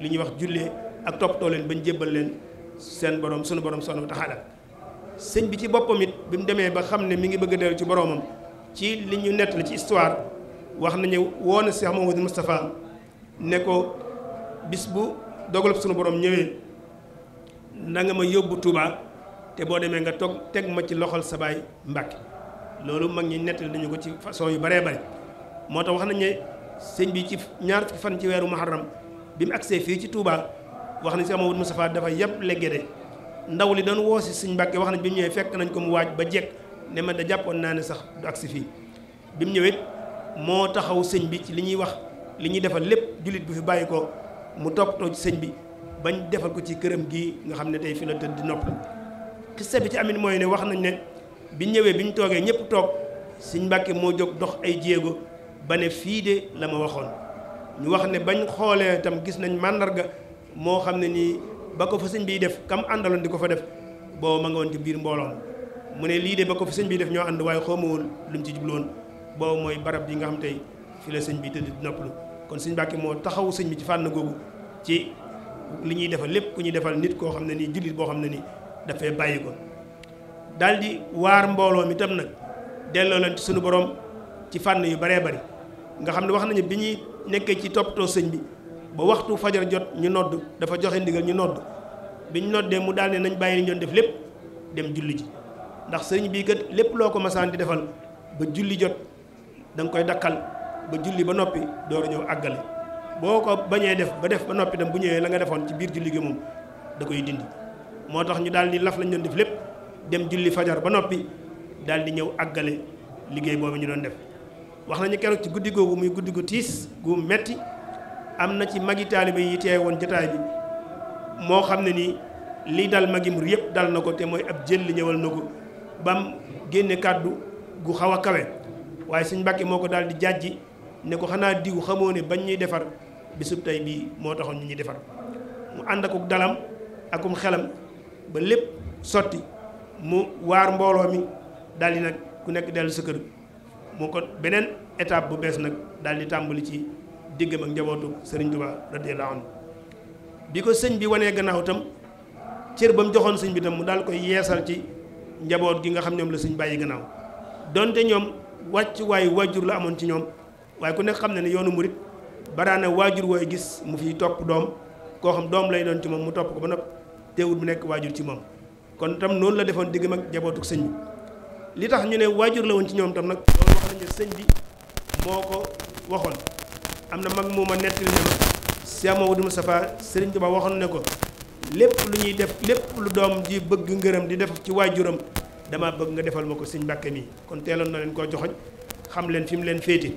li ñuy wax jullee ak toppatoo leen bañ jébbal leen seen borom sunu borom subhanahu wa taala sëñ bi ci boppam it bi mu demee ba xam ne mi ngi bëgg a ci boroomam ci li ñu nett la ci histoire wax nañu woo na Cheikh Mamadou Moustapha ne ko bis bu dogalub sunu borom ñëwee na nga ma yóbbu Touba te boo demee nga toog teg ma ci loxol sa baay Mbàkke loolu mag ñi nettali nañu ko ci façon yu baree bare moo tax wax nañ ne sëñ bi ci ñaar fukki fan ci weeru muharram bi mu agsee fii ci Touba wax nañ si Amadou Moustapha dafa yëpp léggéde ndaw li doon woo si suñ mbàkke wax nañ bi mu ñëwee fekk nañ ko mu waaj ba jekk ne ma da jàppoon naa ne sax du agsi fii bi mu ñëwee moo taxaw sëñ bi ci li ñuy wax li ñuy defal lépp jullit bu fi bàyyi ko mu toppatoo ci sëñ bi bañ defal ko ci këram gi nga xam ne tey fi la tëdd di nopp xiste sebi ci amit mooy ne wax nañ ne bi ñëwee bi ñu toogee ñëpp toog sëñ mbàkke moo jóg dox ay jéego ba ne fii de la ma waxoon ñu wax ne bañ xoolee itam gis nañ màndarga moo xam ne nii ba ko fa sëñ biy def kam àndaloon di ko fa def booba ma nga woon ci biir mbooloon mu ne lii de ba ko fa sëñ bi def ñoo ànd waaye xawmawul lu mu ci jubloon boobu mooy barab yi nga xam tey fii la sëñ bi tëdd di noppalu kon sëñ Mbàkke moo taxawu sëñ bi ci fànn googu ci li ñuy defal lépp ku ñuy defal nit koo xam ne nii jullit boo xam ne nii dafay bàyyi ko daal di waar mbooloo mi tam nag delloo leen ci suñu borom ci fànn yu baree bari xam nekkee ci toppatoo sëñ bi ba waxtu fajar jot ñu nodd dafa joxe ndigal ñu nodd biñ noddee mu daal ne nañ bàyyi ni doon def lépp dem julli ji ndax sëriñ bii kat lépp loo ko masaan di defal ba julli jot da koy dakkal ba julli ba noppi door ñëw àggale boo ko bañee def ba def ba noppi tam bu ñëwee la nga defoon ci biir julli gi moom da koy dindi moo tax ñu daal di laf lañ doon def lépp dem julli fajar ba noppi daal di ñëw àggale liggéey boobu ñu doon def wax nañu keroog ci guddi googu muy guddi gu tiis gu metti am na ci magi taalibe yi teew woon jotaay bi moo xam ne ni lii dal magi mur yëpp dal na ko te mooy ab jël li ñëwal na ko bam génne kàddu gu xaw a kawe waaye suñ mbàkke moo ko daal di jàjji ne ko xanaa diw xamoo ne bañ ñuy defar bisub tey bii moo taxoon ñu ñuy defar mu ànd ak akuk dalam akum xelam ba lépp sotti mu waar mbooloo mi daal di nag ku nekk dellu sa kër mu ko beneen étape bu bees nag daal di tàmbali ci diggam ak njabootu Serigne Touba radiyallahu anhu bi ko sëñ bi wanee gannaaw tam cër ba mu joxoon sëñ bi tam mu daal koy yeesal ci njaboot gi nga xam ñoom la sëñ bàyyi gannaaw donte ñoom wàcc waayu waajur la amoon ci ñoom waaye ku nekk xam na ne yoonu murit baraane waajur wooy gis mu fiy topp doom koo xam doom lay doon ci moom mu topp ko ba nopp teewul bu nekk waajur ci moom kon tam noonu la defoon diggam ak njabootu sëñ bi li tax ñu ne waajur la woon ci ñoom tam nag wax nañ sëñ bi moo ko waxoon am na mag moo ma nettali ne ma Cheikh Mamadou Moustapha Sëriñ Tuubaa waxoon ne ko lépp lu ñuy def lépp lu doom ji bëgg ngërëm di def ci waajuram dama bëgg nga defal ma ko sëñ Mbàkke mi kon teeloon na leen koo joxoñ xam leen fi mu leen féete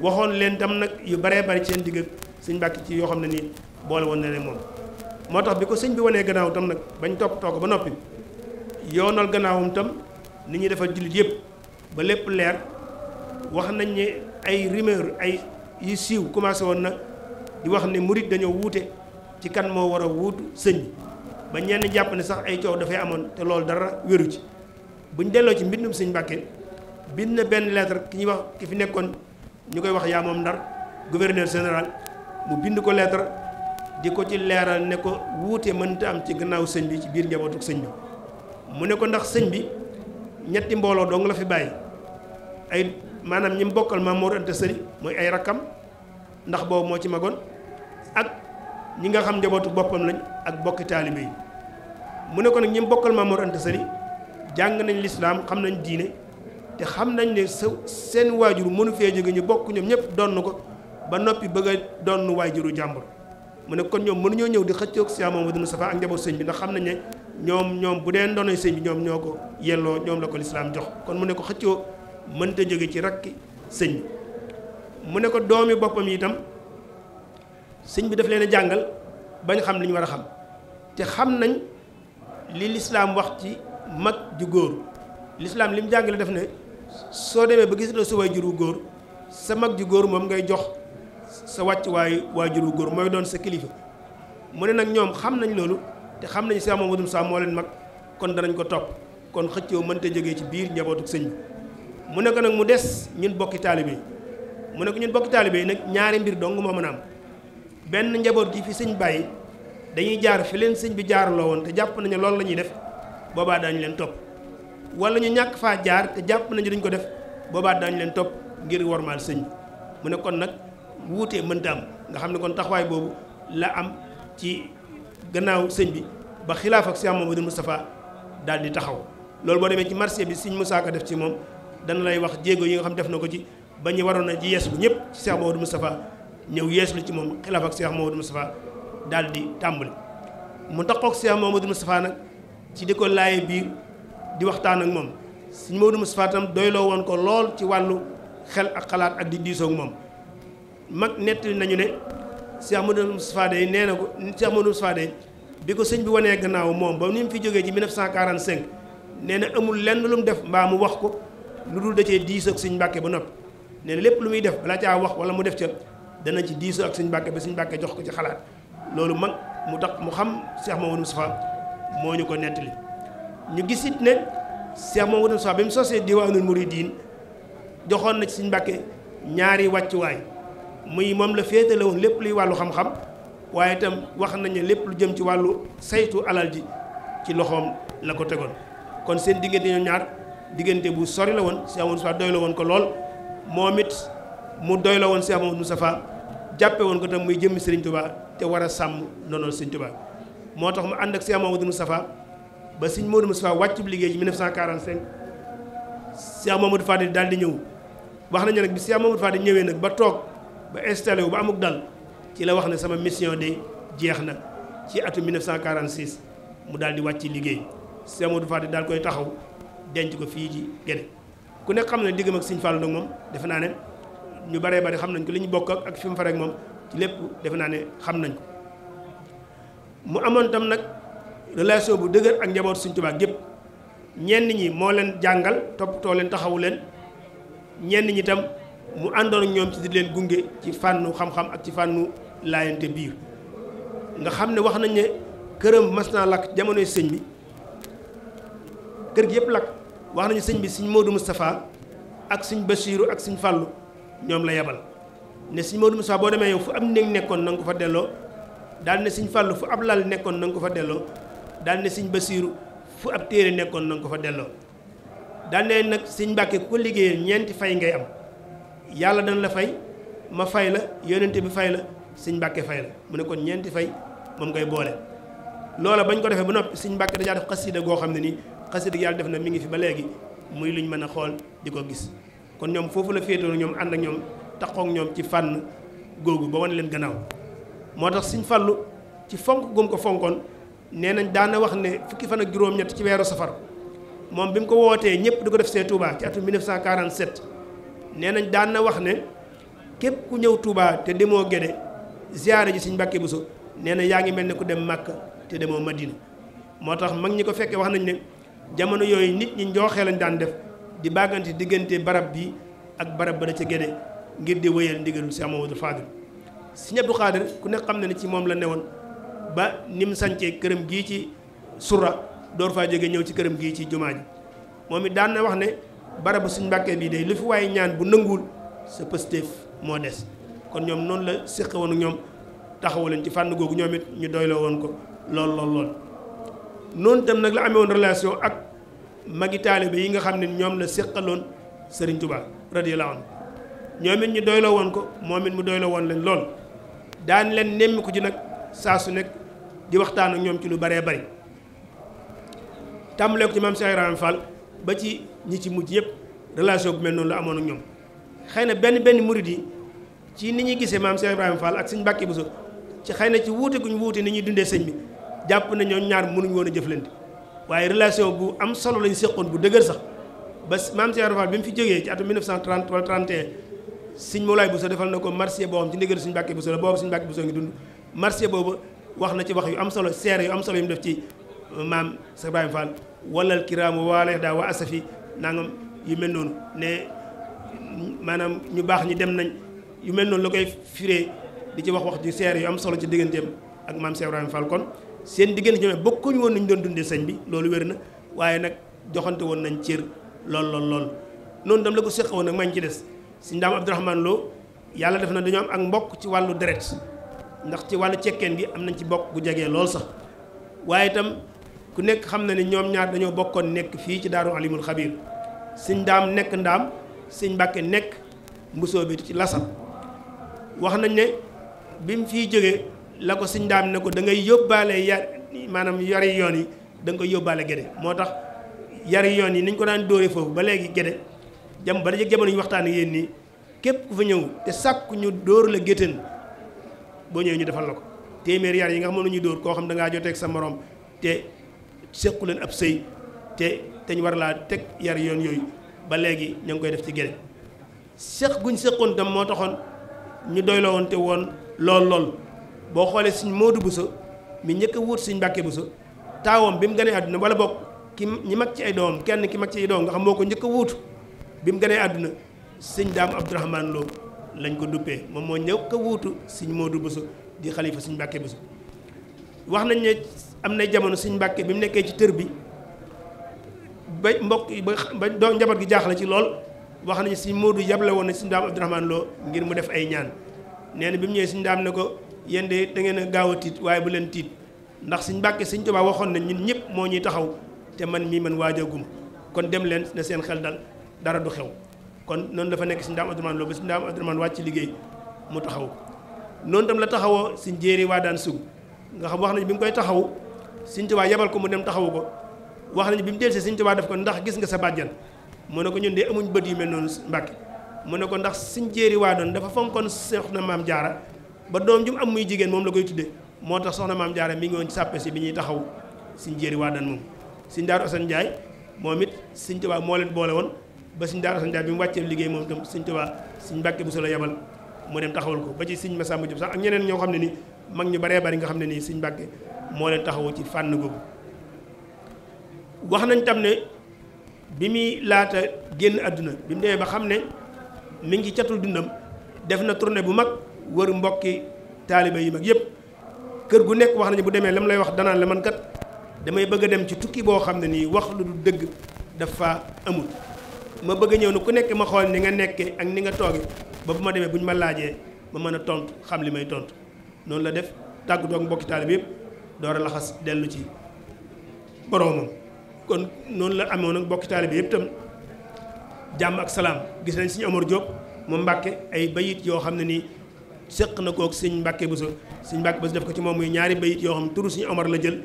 waxoon leen tam nag yu baree bari seen digg ak sëñ Mbàkke ci yoo xam ne nii boole woon na leen moom moo tax bi ko sëñ bi wanee gannaaw tam nag bañ topp toog ba noppi yoonal gannaawam tam ni ñuy defal jullit yëpp ba lépp leer wax nañ ne ay rumeur ay yu siiw commencé woon na di wax ne murit dañoo wuute ci kan moo war a wuutu sëñ bi ba ñenn jàpp ne sax ay coow dafay amoon te loolu dara wéru ci buñ delloo ci mbindum sëñ Mbàkke bind na benn lettre ki ñuy wax ki fi nekkoon ñu koy wax yaa moom Ndar gouverneur général mu bind ko lettre di ko ci leeral ne ko wuute mënta am ci gannaaw sëñ bi ci biir njabootu sëñ bi mu ne ko ndax sëñ bi ñetti mbooloo dong la fi bàyyi ay maanaam ñi mu bokkal maam Mor Anta mooy ay rakkam ndax boobu moo ci magoon ak ñi nga xam njabootu boppam lañ ak bokki taalibe yi mu ne ko nag ñi mu bokkal maam Mor Anta jàng nañ lislaam xam nañ diine te xam nañ ne sa seen waajur mënu fee jóge ñu bokk ñoom ñëpp donn ko ba noppi bëgg a donn waajuru jàmbur mu ne kon ñoom mënuñoo ñëw di xëccoog Cheikh Mamadou Moustapha ak njaboot sëñ bi ndax xam nañ ne ñoom ñoom bu dee ndonoy sëñ bi ñoom ñoo ko yelloo ñoom la ko lislaam jox kon mu ne ko xëccoo mënta jóge ci rakki sëñ bi mu ne ko doomi boppam itam sëñ bi daf leen jàngal bañ xam li ñu war a xam te xam nañ li lislaam wax ci mag ju góor lislaam li mu jàngale daf ne soo demee ba gis na juru góor sa mag ju góor moom ngay jox sa wàcc waayu waajur wu góor mooy doon sa kilifa mu ne nag ñoom xam nañ loolu te xam nañ Cheikh Mamadou Moussa moo leen mag kon danañ ko topp kon xëccoo mënta jógee ci biir njabootu sëñ bi mu ne ko nag mu des ñun bokki taalibe yi mu ne ko ñun bokki taalibe yi nag ñaari mbir dong moo mën a am benn njaboot gi fi sëñ bàyyi dañuy jaar fi leen sëñ bi jaarloo woon te jàpp nañu loolu lañuy def boobaa daañu leen topp wala ñu ñàkk faa jaar te jàpp nañu duñ ko def boobaa daañu leen topp ngir wormaal sëñ wuutee mënta am nga xam ne kon taxawaay boobu la am ci gannaaw sëñ bi ba xilaaf ak Cheikh Mamadou Moustapha dal di taxaw loolu boo demee ci marché bi sëñ Moussa Ka def ci moom dana lay wax jéego yi nga xam def na ko ci ba ñu waroon a ji yeeslu ñëpp ci Cheikh Mamadou Moustapha ñëw yeeslu ci moom xilaaf ak Cheikh Mamadou Moustapha daal di tàmbali mu taxoog Cheikh Mamadou Moustapha nag ci di ko laaye biir di waxtaan ak moom sëñ Mamadou Moustapha tam doyloo woon ko lool ci wàllu xel ak xalaat ak di diisoo moom mag nettali nañu ne Cheikh Amadou Moustapha Dey nee na ko Cheikh Amadou Moustapha Dey bi ko sëñ bi wanee gannaaw moom ba ni mu fi jógee ci 1945 nee na amul lenn lu mu def mbaa mu wax ko lu dul da cee diisoo ak sëñ Mbàkke ba noppi nee na lépp lu muy def balaa caa wax wala mu def ca dana ci diisoo ak sëñ Mbàkke ba sëñ Mbàkke jox ko ci xalaat loolu mag mu tax mu xam Cheikh Amadou Moustapha moo ñu ko nettali ñu gis it ne Cheikh Amadou Moustapha bi mu sosee diwaanul Mouridine joxoon na ci sëñ Mbàkke ñaari wàccuwaay muy moom la féetale woon lépp luy wàllu xam-xam waaye itam wax nañu lépp lu jëm ci wàllu saytu alal ji ci loxoom la ko tegoon kon seen diggante ñoom ñaar diggante bu sori la woon Cheikh Amadou Moustapha doy la woon ko lool moom it mu doy la woon Cheikh Amadou Moustapha jàppe woon ko tam muy jëmmi Serigne Touba te war a sàmm noonu Serigne Touba moo tax mu ànd ak Cheikh Amadou Moustapha ba Serigne Modou Moustapha wàccu liggéey ci 1945 Cheikh Mamadou Fadi daal di ñëw wax nañu nag bi Cheikh Mamadou Fadi ñëwee nag ba toog ba installé wu ba amuk dal ci la wax ne sama mission de jeex na ci atum 1946 mu daal di wàcc liggéey Sëñ Modou Fati daal koy taxaw denc ko fii ci Guédé ku nekk xam ne diggam ak Sëñ Fallu nag moom defe naa ne ñu baree bari xam nañ ko li ñu bokk ak ak fi mu farek moom ci lépp defe naa ne xam nañ ko mu amoon tam nag relation bu dëgër ak njaboot Sëñ Tuubaa gépp ñenn ñi moo leen jàngal toppatoo leen taxawu leen ñenn ñi tam mu àndoon ak ñoom ci di leen gunge ci fànnu xam-xam ak ci fànnu laayante biir nga xam ne wax nañ ne këram mas naa lakk jamonoy sëñ bi kër gi yëpp lakk wax nañu sëñ bi sëñ Modou Moustapha ak sëñ Bassirou ak sëñ Fallou ñoom la yebal ne sëñ Modou Moustapha boo demee yow fu am néeg nekkoon na ko fa delloo daal ne sëñ Fallou fu ab lal nekkoon na ko fa delloo daal ne sëñ Bassirou fu ab téere nekkoon na ko fa delloo daal ne nag sëñ Mbàkke ku ko liggéeyee ñeenti fay ngay am yàlla dana la fay ma fay la yonente bi fay la sëñ Mbàkke fay la mu ne kon ñeenti fay moom ngay boole loola bañ ko defee ba noppi sëñ Mbàkke dajaa def xasida goo xam ne nii xasida yàlla def na mi ngi fi ba léegi muy lu ñu mën a xool di ko gis kon ñoom foofu la féetoo ñoom ànd ak ñoom taxoog ñoom ci fànn googu ba wane leen gannaaw moo tax sëñ Fallu ci fonk gum ko fonkoon nee nañ daana wax ne fukki fan ak juróom-ñett ci weeru safar moom bi mu ko wootee ñëpp di ko def see Touba ci atum nee nañ daan na wax ne képp ku ñëw Touba te demoo Gédé ziyaare ji Sëñ Mbàkke so nee na yaa ngi mel ne ku dem Màkka te demoo Madina moo tax mag ñi ko fekkee wax nañ ne jamono yooyu nit ñi njooxee lañ daan def di bàggante diggante barab bi ak barab ba da ca Gédé ngir di wéyal ndigalul Cheikh Mamadou Fadil Sëñ Abdou Khadir ku nekk xam na ne ci moom la ne woon ba ni mu sancee këram gii ci sura door faa jóge ñëw ci këram gii ci jumaa ji moom daan wax ne barabu suñ mbàkkee bii day lu fi waaye ñaan bu nanguwul sa pëstéef moo des kon ñoom noonu la séqe woon ñoom taxawu leen ci fànn googu ñoom it ñu doyloo woon ko lool lool lool noonu tam nag la amee relation ak magi taalibe yi nga xam ne ñoom la séqaloon Sëriñ Tuubaa radiyallaahu anhu ñoom it ñu woon ko moom it mu doyloo woon leen lool daan leen ko ci nag saa su nekk di waxtaan ak ñoom ci lu baree bëri tàmbalee ko ci maam Cheikh Ibrahima ba ci ñi ci mujj yëpp relation bu mel noonu la amoon ak ñoom xëy na benn benn murid yi ci ni ñuy gisee maam Cheikh Ibrahima Fall ak sëñ Mbàkke Bousso ci na ci wuute wuute ni ñuy dundee sëñ bi jàpp na ñoom ñaar mënuñ woon a jëflante waaye relation bu am solo lañ séqoon bu dëgër sax ba maam Cheikh Ibrahima Fall bi mu fi jógee ci atum 1930 wala 31 defal na ko marché boo xam ci ndigal sëñ Mbàkke Bousso la boobu sëñ Mbàkke Bousso ngi dund boobu wax na ci wax yu am solo seere yu am solo yu def ci maam Cheikh Ibrahima Fall walal kiraamu waale daa wa asafi nangam yu mel noonu ne maanaam ñu baax ñi dem nañ yu mel noonu la koy firee di ci wax wax ju seer yu am solo ci digganteem ak maam Cheikh Ibrahima Fall kon seen diggante ñoom bokkuñu woon nañu doon dundee sëñ bi loolu wér na waaye nag joxante woon nañ cër lool lool lool. noonu dam la ko séq nag mañ ci des si ndaam Abdourahmane loo yàlla def na dañoo am ak mbokk ci wàllu deret ndax ci wàllu cekkeen bi am nañ ci bokk gu jege lool sax waaye itam ku nekk xam na ne ñoom ñaar dañoo bokkoon nekk fii ci daaru alimul xabir sëñ ndaam nekk ndaam sëñ mbàkke nekk mbusoo bi ci lasal wax nañ ne bi mu fiy jógee la ko sëñ ndaam ne ko dangay ngay yóbbaale yar maanaam yari yoon yi da nga koy yóbbaale gede moo tax yari yoon yi niñ ko daan dóore foofu ba léegi gede jam ba daje jamono ñu waxtaan ak yéen nii képp ku fa ñëw te sàkk ñu dóor la géttan boo ñëwee ñu defal la ko téeméer yar yi nga xam ne ñu dóor koo xam da ngaa joteeg sa moroom te sequ leen ab sëy te teñ war laa teg yar yoon yooyu ba léegi ñoo ngi koy def ci gele seq guñ seqoon tam moo taxoon ñu doyloo woon te woon lool lool boo xoolee suñ Moodu Buso mi njëkk a suñ Mbàkke Buso taawam bi mu gënee àdduna wala bokk ki ñi mag ci ay doomam kenn ki mag ci ay nga xam moo ko njëkk a wuutu bi mu gënee àdduna sëñ Daam Abdourahmane Lo lañ ko duppee moom moo ñëw ko wuutu suñ Moodu Buso di xalifa suñ Mbàkke Buso wax nañ ne am na jamono suñ mbàkke bi mu nekkee ci tër bi ba mbokk yi ba doo njaboot gi jaaxle ci lool wax nañu suñ Moodu yable na suñ daam Abdourahmane ngir mu def ay ñaan nee na bi mu ñëwee suñ daam ne ko yéen da ngeen gaaw a tiit waaye bu leen tiit ndax suñ mbàkke suñ Tuubaa waxoon nañ ñun ñëpp moo ñuy taxaw te man mii man waajagum kon dem leen na seen xel dal dara du xew kon noonu dafa nekk suñ daam Abdourahmane Lo ba suñ daam Abdourahmane wàcc liggéey mu taxaw noonu tam la taxawoo suñ jéeri waa daan sug nga xam wax nañ bi mu koy taxaw siñ Tuubaa yebal ko mu dem taxawu ko wax nañu bi mu dellusee Sëñ Tuubaa def ko ndax gis nga sa bàjjan mu ne ko ñun de amuñ bët yu mel noonu Mbàkke mu ne ko ndax Sëñ Jéeri doon dafa fonkoon soxna maam jaara ba doom ju mu am muy jigéen moom la koy tudde moo tax soxna maam jaara mi ngi woon sàppe si bi ñuy taxaw Sëñ Jéeri Waadoon moom Sëñ Daaru Asan Njaay moom it Sëñ Tuubaa moo leen boole woon ba Sëñ Daaru Asan Njaay bi mu wàccee liggéey moom itam Sëñ Tuubaa Sëñ Mbàkke bu solo yebal mu dem taxawal ko ba ci Sëñ Masamba Jóob ak ñeneen ñoo xam ne ni mag ñu baree bari nga xam ne nii Sëñ Mbàkke moo leen taxawu ci fànn googu wax nañ tam ne bi muy laata génn àdduna bi mu demee ba xam ne mi ngi catul dundam def na turne bu mag wër mbokki taalibe yi mag yëpp kër gu nekk wax nañu bu demee lam lay wax danaan la man kat damay bëgg a dem ci tukki boo xam ne nii wax lu du dëgg dafa amut ma bëgg a ñëw ne ku nekk ma xool ni nga nekke ak ni nga tooge ba bu ma demee bu ñu ma laajee ma mën a tont xam li may tontu noonu la def tàggatoo ak mbokki taalibe yëpp. door a laxas dellu ci boroomam kon noonu la amoon nag bokki taalibe yëpp tam jàmm ak salaam gis nañ suñu Omar Diop mu Mbàkke ay bayit yoo xam ne nii séq na kook sëñ Mbàkke Buso sëñ Mbàkke Buso def ko ci moom muy ñaari bayit yoo xam ne turu suñu Omar la jël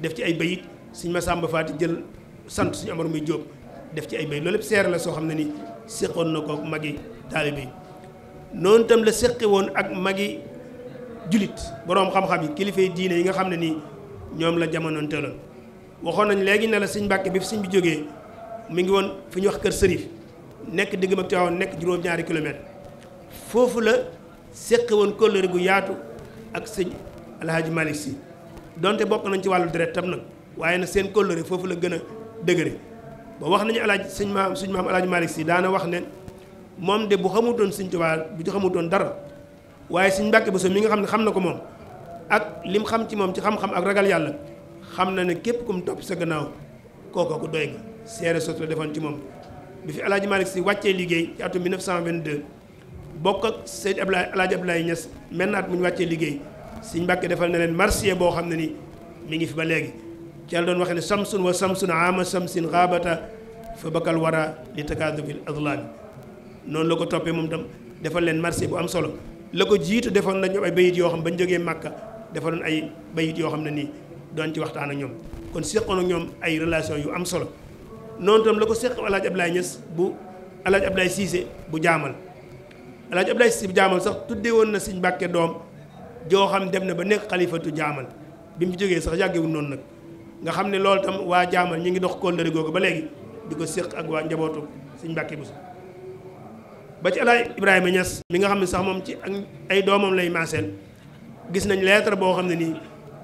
def ci ay bayit sëñ Masamba Faati jël sant suñu Omar muy Diop def ci ay bayit loolu lépp seer la soo xam ne nii séqoon na kook magi taalibe yi noonu tam la séqi woon ak magi julit boroom xam-xam yi kilifa yi diine yi nga xam ne nii ñoom la jamonoon tëral waxoon nañ léegi ne la sëñ Mbàkke bi sëñ bi jógee mi ngi woon fi ñuy wax kër sërif nekk digg mag Tiwaawan nekk juróom-ñaari kilomètre foofu la séq woon kóllëre gu yaatu ak sëñ alhaaji Malick si donte bokk nañ ci wàllu deret tam nag waaye na seen kóllëre foofu la gën a dëgëre ba wax nañu alaaji sëñ maam suñ maam alaaji Malick si daana wax ne moom de bu xamutoon sëñ Tuubaa bu xamutoon dara waaye suñ Mbàkke Buso mi nga xam ne xam na ko moom ak li mu xam ci moom ci xam-xam ak ragal yàlla xam na ne képp kum topp sa gannaaw kooku ku doy nga seere sot la defoon ci moom bi fi alaaji Malick si wàccee liggéey ci atum 1922 bokk ak Seydi Ablaye alaaji Ablaye Niass mel na ñu wàccee liggéey suñ Mbàkke defal na leen marsiya boo xam ne ni mi ngi fi ba léegi ci la doon waxee ne samsun wa samsun ama samsin xaabata fa bakal wara li takaadu fil adlaami noonu la ko toppee moom tam defal leen marché bu am solo la ko jiitu defoon na ñoom ay bayit yoo xam bañ jógee màkka defaloon ay bayit yoo xam ne nii doon ci waxtaan ak ñoom kon seqoon ak ñoom ay relation yu am solo noonu tam la ko seq alaaj Ablaye Niass bu alaaj Ablaye Cissé bu jaamal alaaj Ablaye Cissé bu jaamal sax tuddee woon na Sëñ bàkkee doom joo xam dem na ba nekk xalifatu jaamal bi mu jógee sax yàggewul noonu nag nga xam ne loolu tam waa jaamal ñu ngi dox kondare googu ba léegi du ko séq ak waa njabootu Sëñ Mbàkke bu ba ci alaay Ibrahima Niass mi nga xam ne sax moom ci ak ay doomam lay maaseel gis nañ lettre boo xam ne nii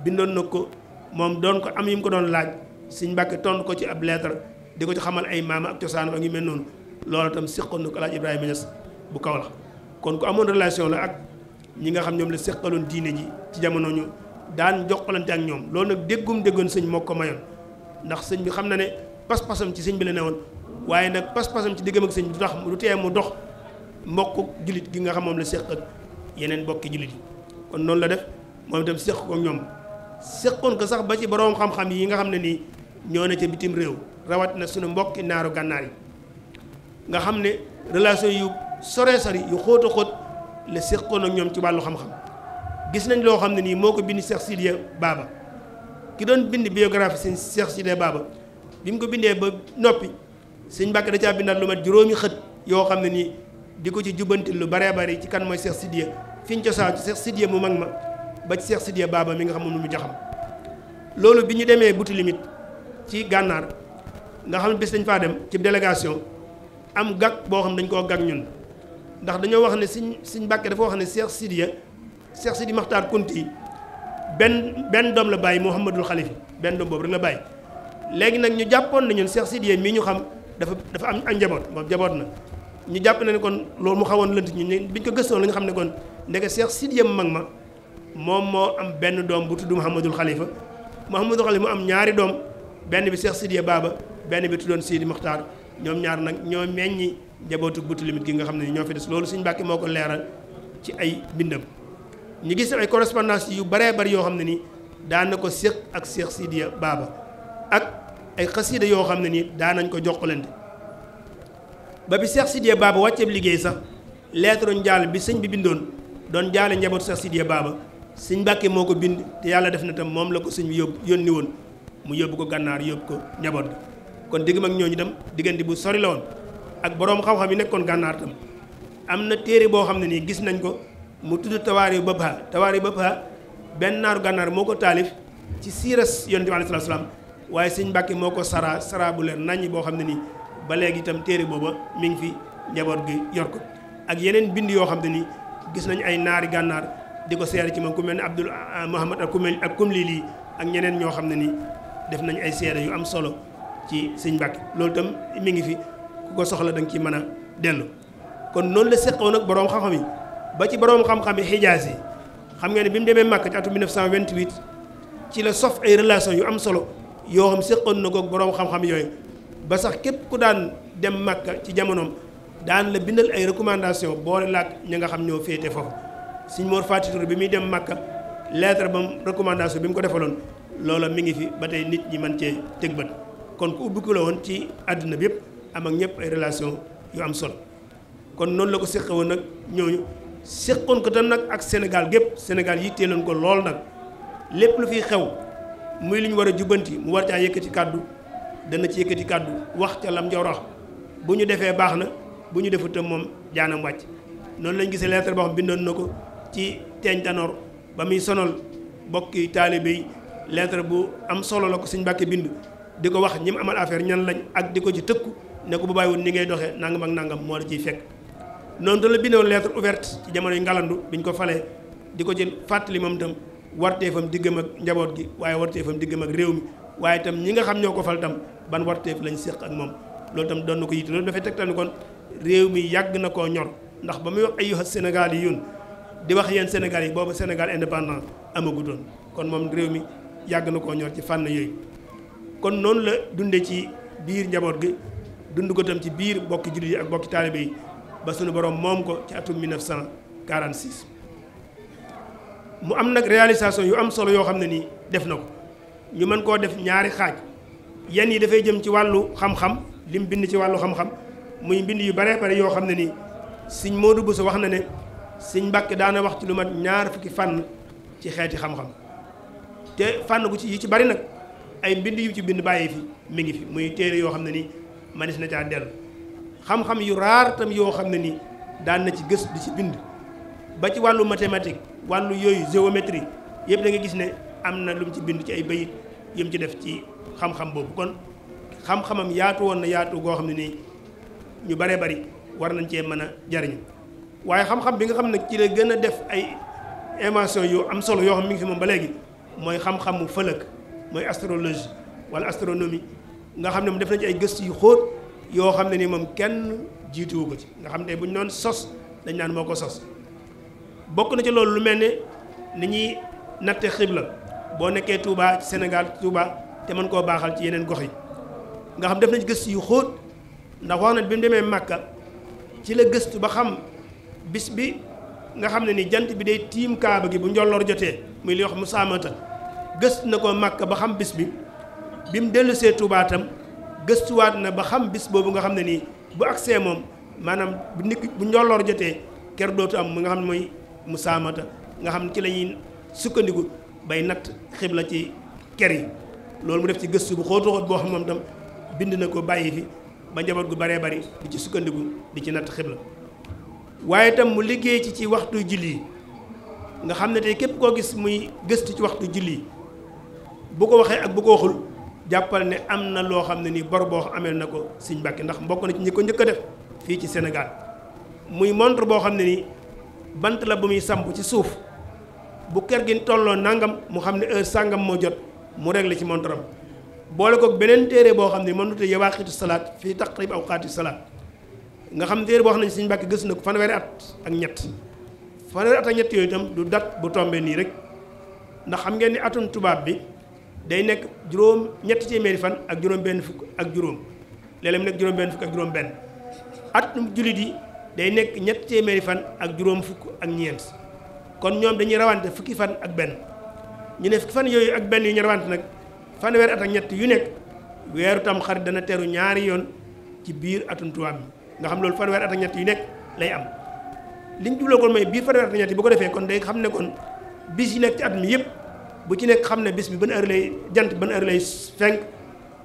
bindoon nag ko moom doon ko am yi mu ko doon laaj Sëñ Mbàkke tontu ko ci ab lettre di ko ci xamal ay maama ak cosaan ak yu mel noonu loolu itam seqoon na ko alaaj Ibrahima Niass bu kaw la kon ku amoon relation la ak ñi nga xam ñoom la seqaloon diine ji ci jamono ñu daan joxalante ak ñoom loolu nag déggum déggoon sëñ moo ko mayoon ndax sëñ bi xam na ne pas-pasam ci sëñ bi la newoon waaye nag pas-pasam ci diggam ak sëñ bi du tax du tee mu dox mbokku jullit gi nga xamoon la seq ak yeneen mbokki jullit yi kon noonu la def moom itam seq ko ñoom seqoon ko sax ba ci boroom xam-xam yi nga xam ne nii ñoo ne ca bitim réew rawat na suñu mbokki naaru gànnaar yi nga xam ne relation yu sore sori yu xóot a xóot la seqoon ak ñoom ci wàllu xam-xam gis nañ loo xam ne nii moo ko bind Cheikh Sidiya Baba ki doon bind biographie seen Cheikh Sidiya Baba bi mu ko bindee ba noppi sëñ Mbàkke da caa bindaat lu xët yoo xam ne nii di ko ci jubanti lu baree bari ci kan mooy Cheikh Sidiya fi ñu cosaan ci Cheikh Sidiya mu mag ma ba ci Cheikh Sidiya baaba mi nga xam moom mu jaxam loolu bi ñu demee buti limit ci gànnaar nga xam ne dañ faa dem ci délégation am gag boo xam dañ koo gag ñun ndax dañoo wax ne siñ siñ Mbàkke dafa wax ne Cheikh Sidiya Cheikh Sidi Maxtaar Kunti benn benn doom la bàyyi Mouhamadul Xalifi benn doom boobu rek la bàyyi léegi nag ñu jàppoon na ñun Cheikh Sidiya mii ñu xam dafa dafa am ak moom njaboot na ñu jàpp na ne kon loolu mu xawoon lënt ñu ne biñ ko gëstoon la ñu xam ne kon ndeke Cheikh mu mag ma moom moo am benn doom bu tudd Mouhamadul xalifa Mouhamadul Khalifa mu am ñaari doom benn bi Cheikh Sidiya baaba benn bi tuddoon Sidi Muxtaar ñoom ñaar nag ñoo meññi njabootu Boutou limit gi nga xam ne ñoo fi des loolu suñ Mbàkke moo ko leeral ci ay bindam. ñu gis ay correspondance yu baree bari yoo xam ne nii daan na ko séq ak Cheikh Sidiya Baba ak ay xasiida yoo xam ne nii daan nañ ko jokkalante ba bi Cheikh Sidiya Baba wàcceeb liggéey sax lettre njaal bi sëñ bi bindoon doon jaale njabootu Cheikh Sidiya baaba sëñ Mbàkke moo ko bind te yàlla def na tam moom la ko sëñ bi yóbbu yónni woon mu yóbbu ko gànnaar yóbbu ko njaboot bi kon diggam ak ñooñu dem diggante bu sori la woon ak boroom xam-xam yi nekkoon gànnaar tam am na téere boo xam ne nii gis nañ ko mu tudd tawaari bëppa tawaari bëppa benn naaru gànnaar moo ko taalif ci siiras yonent bi alayhi salaam waaye sëñ Mbàkke moo ko sara sara bu naññi boo xam ne nii ba léegi itam téere booba mi ngi fi njaboot gi yor ko ak yeneen bind yoo xam te ni gis nañ ay naari gànnaar di ko seere ci moom ku mel ne Abdul ah, Muhammad ak ku mel ak kum lii ak ñeneen ñoo xam ne ni def nañ ay seere yu am solo ci sëñ Mbàkke loolu itam mi ngi fi ku ko soxla da nga ciy mën a dellu kon noonu la seqoon ak boroom xam-xam yi ba ci boroom xam-xam yi xijaas yi xam nga ne bi mu demee Màkka ci atum 1928 ci la sof ay relation yu am solo yoo xam seqoon na ko boroom xam yooyu ba sax képp ku daan dem màkk ci jamonoom daan la bindal ay recommandation boole laak ñi nga xam ñoo féete foofu sëñ Mor Faty Touré bi muy dem màkk lettre bam recommandation bi mu ko defaloon loola mi ngi fi ba tey nit ñi mën cee teg bët kon ku ubbi la woon ci àdduna bi yëpp am ak ñëpp ay relation yu am solo kon noonu la ko séqe woon nag ñooñu séqoon ko tam nag ak Sénégal gépp Sénégal yitteeloon ko lool nag lépp lu fiy xew muy lu ñu war a jubbanti mu war caa yëkkati kàddu dana ci yëkkati kàddu wax ca lam jorox bu ñu defee baax na bu ñu defu tam moom jaanam wàcc noonu lañ gisee lettre boo xam bindoon na ko ci teeñ tanoor ba muy sonal bokki taalibe yi lettre bu am solo la ko suñ mbàkke bind di ko wax ñi mu amal affaire ñan lañ ak di ko ci tëkku ne ko bu bàyyiwoon ni ngay doxee nangam ak nangam moo la ciy fekk noonu da la bindoon lettre ouverte ci jamono yu ngalandu biñ ko falee di ko jël fàttali moom itam warteefam diggam ak njaboot gi waaye warteefam diggam ak réew mi waaye itam ñi nga xam ñoo ko fal tam ban warteef lañ séq ak moom loolu tam doon na ko yitte dafay tegtal ni kon réew mi yàgg na koo ñor ndax ba muy wax ayyuha Sénégal yi yun di wax yéen Sénégal yi boobu Sénégal indépendance amagutoon kon moom réew mi yàgg na koo ñor ci fànn yooyu kon noonu la dundee ci biir njaboot gi dund ko tam ci biir bokki jullit yi ak bokki taalibe yi ba suñu borom moom ko ci atum 1946 mu am nag réalisation yu am solo yoo xam ne nii def na ko ñu mën koo def ñaari xaaj yan yi dafay jëm ci wàllu xam-xam lim bind ci wàllu xam-xam muy mbind yu bare bare yoo xam ne nii sëñ Modou Bousso wax na ne sëñ Mbàkke daana wax ci lu mat ñaar fukki fànn ci xeeti xam-xam te fànn ku ci yi ci bari nag ay mbind yu ci bind bàyyi fi mi ngi fi muy téere yoo xam ne nii manis na caa dellu xam-xam yu raar tam yoo xam ne ni daan na ci gës di ci bind ba ci wàllu mathématique wàllu yooyu géométrie yëpp da gis ne am na lu mu ci bind ci ay bayit yëm ci def ci xam-xam boobu kon xam-xamam yaatu woon na yaatu goo xam ne nii ñu baree bari war nañ cee mën a jariñu waaye xam-xam bi nga xam ne ci la gën a def ay invention yu am solo yoo xam mi ngi fi moom ba léegi mooy xam-xamu fëlëk mooy astrologie wala astronomie nga xam ne moom def nañ ci ay gëstu yu xóot yoo xam ne nii moom kenn jiituwu ko ci nga xam ne bu ñu doon sos dañ naan moo ko sos bokk na ci loolu lu mel ne ni ñuy natte boo nekkee Touba ci Sénégal tuubaa te mën koo baaxal ci yeneen gox yi nga xam def nañ gëstu yu xóot ndax wax na bi mu demee Màkka ci la gëstu ba xam bis bi nga xam ne ni jant bi day tiim kaaba gi bu njolloor jotee muy li wax mu saamata gëstu na ko Màkka ba xam bis bi bi mu dellusee Touba tam gëstuwaat na ba xam bis boobu nga xam ne nii bu agsee moom maanaam bu nit bu njolloor jotee ker dootu am mu nga xam ne mooy mu saamata nga xam ci la ñuy sukkandiku bay natt xibla ci ker yi loolu mu def ci gëstu bu xóotu xóot boo xam moom tam bind na ko bàyyi fi ba njaboot gu baree bari di ci sukkandiku di ci natt xibla waaye tam mu liggéey ci ci waxtu julli nga xam ne tey képp koo gis muy gëstu ci waxtu julli bu ko waxee ak bu ko waxul jàppal ne am na loo xam ne nii bor boo amee na ko Sëñ Mbàkke ndax mbokk na ci ñi ko njëkk a def fii ci senegal muy montre boo xam ne nii bant la bu muy samp ci suuf bu kër gi tolloo nangam mu xam ne heure sàngam moo jot mu réglé ci montaram boole ko beneen téere boo xam ne mënut a yawaaqitu salaat fii aw awqaati salaat nga xam téere boo xam ne suñu mbàkk gis na ko fanweeri at ak ñett fanweeri at ak ñett yooyu itam du dat bu tombee nii rek ndax xam ngeen ni atum tubaab bi day nekk juróom ñetti téeméeri fan ak juróom benn fukk ak juróom léeg-léeg mu nekk juróom benn fukk ak juróom benn atum jullit yi day nekk ñetti téeméeri fan ak juróom fukk ak ñeent kon ñoom dañuy rawante fukki fan ak benn ñu ne fukki fan yooyu ak benn yu ñu rawante nag fanweeri weer ak ñett yu nekk weeru tam xarit dana teru ñaari yoon ci biir atum tubaab bi nga xam loolu fanweeri at ak yu nekk lay am li ñu kon mooy biir fanweeri at ak ñett defee kon day xam ne kon bis yi nekk ci at mi yëpp bu ci nekk xam ne bis bi ban lay jant ban heure lay fenk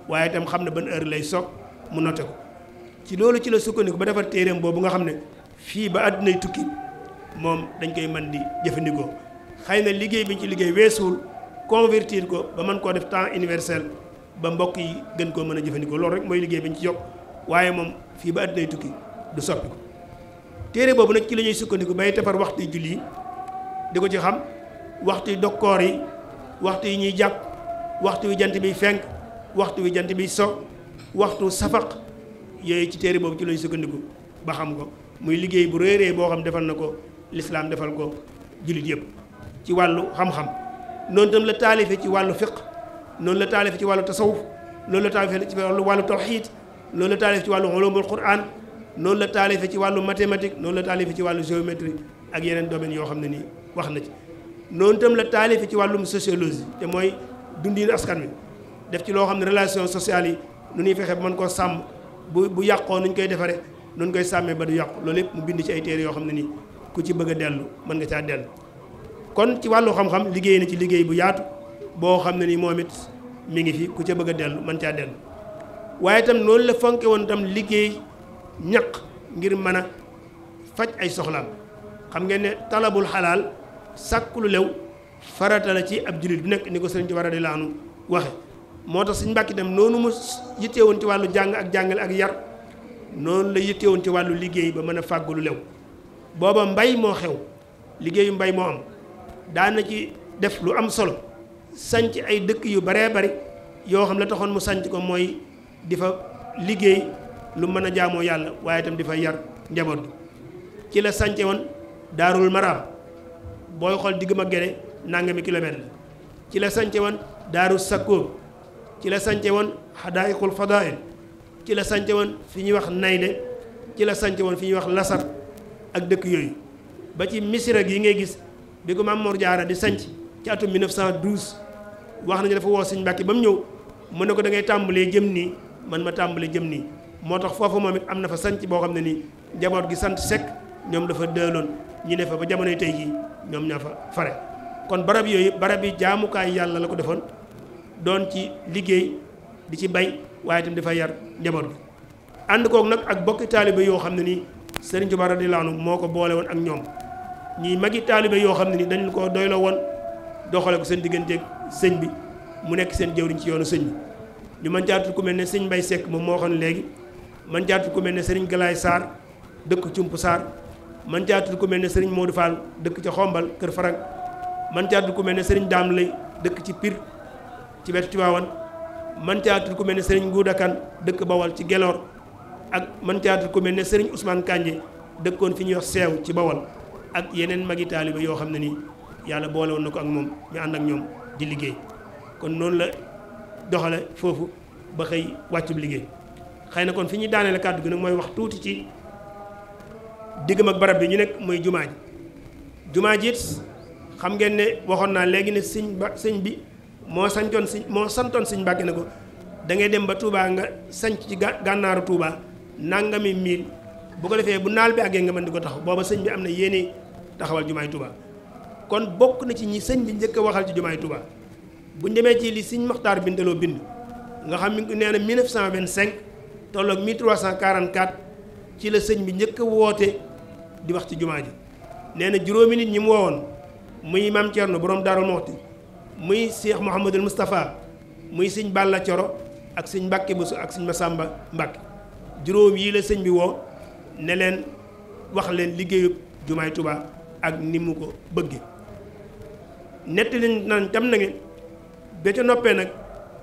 waaye itam xam ne ban heure lay soog mu noté ko ci loolu ci la sukkandiku ba defar téeréem boobu nga xam ne fii ba àddinay tukki moom dañ koy mën di jëfandikoo xëy na liggéey bi ñu ci liggéey weesuwul convertir ko ba man koo def temps universel ba mbokk yi gën koo mën a jëfandikoo loolu rek mooy liggéey bi ñu ci yokk waaye moom fii ba àddinay tukki du soppi ko téere boobu nag ci lañuy sukkandiku bay tefar waxtu yi julli yi di ko ci xam waxtu yi dokkoor yi waxtu yi ñuy jàpp waxtu wi jant bi fenk waxtu wi jant bi so waxtu safaq yooyu ci téere boobu ci la ñuy sukkandiku ba xam ko muy liggéey bu réeree boo xam defal na ko lislaam defal ko jullit yëpp ci wàllu xam-xam noonu tam la taalife ci wàllu fiq noonu la taalife ci wàllu tasawuf loolu la taalife ci wàllu wàllu tawxiid loolu la taalife ci wàllu ulumul quran noonu la taalife ci wàllu mathématique noonu la taalife ci wàllu géométrie ak yeneen domaines yoo xam ne nii wax na ci noonu tam la taalife ci wàllum sociologie te mooy dundin askan wi def ci loo xam ne relation sociale yi nu ñuy fexe ba mën koo sàmm bu bu yàqoo nuñ koy defare nuñ koy sàmmee du yàqu loolu mu bind ci ay téere yoo xam ne nii ku ci bëgg a dellu mën nga caa dellu kon ci wàllu xam-xam liggéey na ci liggéey bu yaatu boo xam ne ni moom it mi ngi fi ku ca bëgg dellu mën caa dellu waaye itam noonu la fonke woon itam liggéey ñaq ngir mën a faj ay soxlaam xam ngeen ne talabul xalaal sàkku farata la ci ab jullit bu nekk ni ko sëriñ ci war a di laanu waxe moo tax suñ mbàkk itam noonu mu yittee woon ci wàllu jàng ak jàngale ak yar noonu la yittee woon ci wàllu liggéey ba mën a fàggu lew booba mbay moo xew liggéeyu mbay moo am daana ci def lu am solo sanc ay dëkk yu baree bari yoo xam la taxoon mu sanc ko mooy di fa liggéey lu mën a jaamoo yàlla waaye itam di fa yar njaboot bi ci la sance woon daarul maraam booy xool digg ma gere nangami kilomètre la ci la sance woon daaru sakkoor ci la sance woon xadaayiqul fadail ci la sance woon fi ñuy wax nayde ci la sance woon fi ñuy wax lasar ak dëkk yooyu ba ci misira gi ngay gis bi ko maam Mor Diarra di sanc ci atum 1912 wax nañu dafa woo sëñ Mbàkke ba mu ñëw mu ne ko da ngay tàmbalee jëm nii man ma tàmbalee jëm nii moo tax foofu moom it am na fa sanc boo xam ne nii jaboot gi sant Seck ñoom dafa dëloon ñu ne fa ba jamonoy tey jii ñoom ñaa fa fare kon barab yooyu barab yi jaamukaay yàlla la ko defoon doon ci liggéey di ci bay waaye itam dafa yar njaboot gi ànd kook nag ak bokki taaliba yoo xam ne nii Serigne Touba radiyallahu anhu moo ko boole woon ak ñoom ñuy magi taalibe yoo xam ne ni dañu ko doyloo woon doxale ko seen digganteeg sëñ bi mu nekk seen jëwriñ ci yoonu sëñ bi ñu mën caatul ku mel ne sëñ Mbay Seck moom moo xam léegi man caatul ku ne Serigne Galaay Sarr dëkk Cump Sarr man caatul ku mel ne Serigne Modou Fall dëkk ca Xombal Kër Farang man caatul ku mel ne Serigne Dame Lay dëkk ci Pire ci wetu Tiwaawan man caatul ku mel ne Serigne Goudakan dëkk Bawal ci Gelor ak man caatal ku mel ne Serigne Ousmane Kandji dëkkoon fi ñuy wax seew ci Bawol ak yeneen magi taaliba yoo xam ne nii yàlla boole woon na ko ak moom ñu ànd ak ñoom di liggéey kon noonu la doxale foofu ba xëy wàccub liggéey xëy na kon fi ñuy daaneel kàddu gi nag mooy wax tuuti ci diggam ak barab bi ñu nekk mooy jumaa ji jumaa ji xam ngeen ne waxoon naa léegi ne sëñ ba sëñ bi moo santoon sëñ moo santoon sëñ Mbàkke ne ko da ngay dem ba Touba nga sanc ci gà gànnaaru Touba nangami miil bu ko defee bu naal bi àggee nga mën di ko taxaw booba sëñ bi am na yéene taxawal jumaay Touba kon bokk na ci ñi sëñ bi njëkk a waxal ci jumaay Touba buñ demee ci li sëñ Maxtaar Bindaloo bind nga xam ne nee na 1925 tolloog 1344 ci la sëñ bi njëkk a woote di wax ci jumaa ji nee na juróomi nit ñi mu woowoon muy Maam Thierno borom Darou Mouhty muy Cheikh Mouhamadul Moustapha muy sëñ Balla Coro ak sëñ Mbàkke Bousso ak ma sàmba Mbàkke juróom yii la sëñ bi woo ne leen wax leen liggéeyub jumaay Tuubaa ak ni mu ko bëgge nett lañ naan tam na ngeen ba ca noppee nag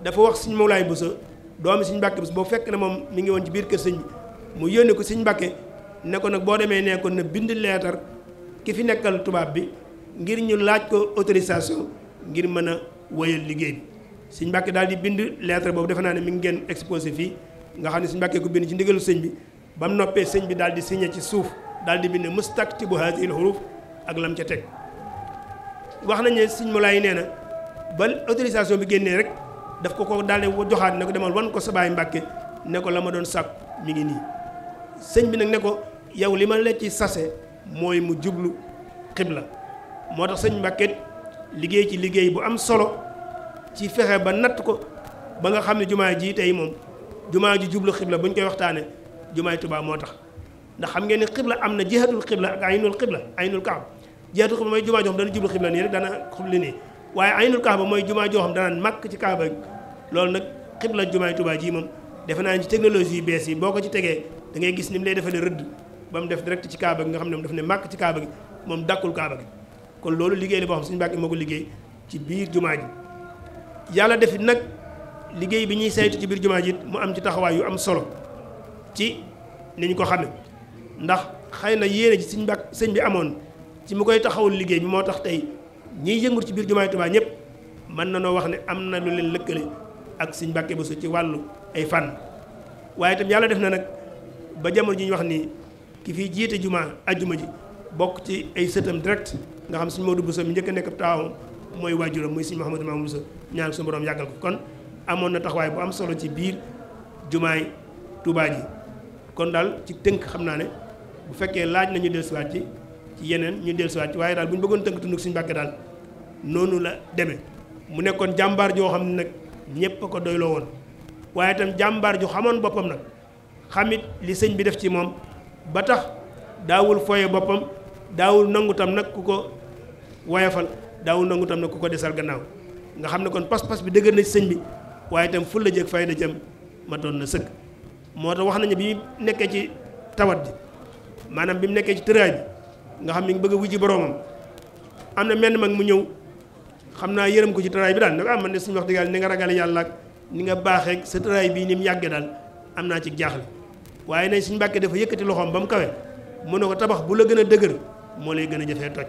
dafa wax sëñ Mawlaay Bousso doomi sëñ Mbàkke Bousso boo fekk na moom mi ngi woon ci biir kër sëñ bi mu yónni ko sëñ Mbàkke ne ko nag boo demee ne ko na bind leetar ki fi nekkal tubaab bi ngir ñu laaj ko autorisation ngir mën a wëyal liggéey bi sëñ Mbàkke daal di bind leetar boobu defe naa ne mi ngi ngeen exposé fii nga xam ne si mbàkkee ku bind ci ndigalu sëñ bi ba mu noppee sëñ bi daal di ci suuf daal di bind mustaktibu haadihi al huruf ak lam ca teg wax nañ ne sëñ Mulaay nee na ba autorisation bi génnee rek daf ko ko daal di joxaat ne ko demal wan ko sa baay mbàkke ne ko la ma doon sàkk mi ngi nii sëñ bi nag ne ko yow li ma la ci sase mooy mu jublu xibla moo tax sëñ mbàkket liggéey ci liggéey bu am solo ci fexe ba natt ko ba nga xam ne jumaa ji tey moom jumaa ji jublu xibla bu ñu koy waxtaanee waxtaane jumaay Tuubaa moo tax ndax xam ngeen ni xibla am na jihatul xibla ak aynul xibla aynul kaaba jihatul xibla mooy jumaa joo xam dana jublu xibla nii rek dana xubli nii waaye aynul kaaba mooy jumaa joo xam danaan màkk ci kaaba loolu nag xibla jumaay Tuubaa jii moom defe naa ni technologie yu bees yi boo ko ci tegee dangay gis ni mu lay defalee rëdd ba mu def direct ci kaaba gi nga xam ne daf ne màkk ci kaaba gi moom dàkkul kaaba gi kon loolu liggéey la boo xam suñu bàkki moo ko liggéey ci biir jumaa ji yàlla defi nag liggéey bi ñuy saytu ci biir jumaa ji mu am ci taxawaay yu am solo ci ni ñu ko xame ndax xëy na yéene ji sëñ bak sëñ bi amoon ci mu koy taxawul liggéey bi moo tax tey ñuy yëngu ci biir jumaa ji Tuubaa ñëpp mën na noo wax ne am na lu leen lëkkale ak sëñ Mbàkke Buso ci wàllu ay fànn waaye itam yàlla def na nag ba jamono ji ñu wax ni ki fiy jiite jumaa ajjuma ji bokk ci ay sëtam direct nga xam sëñ Moodu Buso mi njëkk a nekk taawam mooy waajuram muy sëñ Mouhamadou Mamoun Buso ñaan suñu borom yàggal ko kon amoon na taxawaay bu am solo ci biir jumaay Tuubaa yi kon daal ci tënk xam naa ne bu fekkee laaj na ñu dellusiwaat ci ci yeneen ñu dellusiwaat ci waaye daal bu ñu bëggoon tënk tund ak suñu Mbàkke daal noonu la deme mu nekkoon jàmbaar joo xam ne nag ñëpp a ko doyloo woon waaye itam jàmbaar ju xamoon boppam nag xamit li sëñ bi def ci moom ba tax daawul foye boppam daawul nangu tam nag ku ko woyafal daawul nangu tam nag ku ko desal gannaaw nga xam ne waaye itam fu la jëkk fayda jëm matoon na sëkk moo tax wax nañu bi mu nekkee ci tawat ji maanaam bi mu nekkee ci tëraay bi nga xam ni ngi bëgg a wujji boroomam am na menn mag mu ñëw xam naa yërëm ko ci tëraay bi daal ne ko am ah, man de suñu wax dëgg yàlla ni nga ragale yàlla ak ni nga baaxee sa tëraay bii ni mu yàgge daal am naa ci jaaxle waaye nañ suñu mbàkkee dafa yëkkati loxoom ba mu kawe mu ne ko tabax bu la gën a dëgër moo lay gën a jafee toj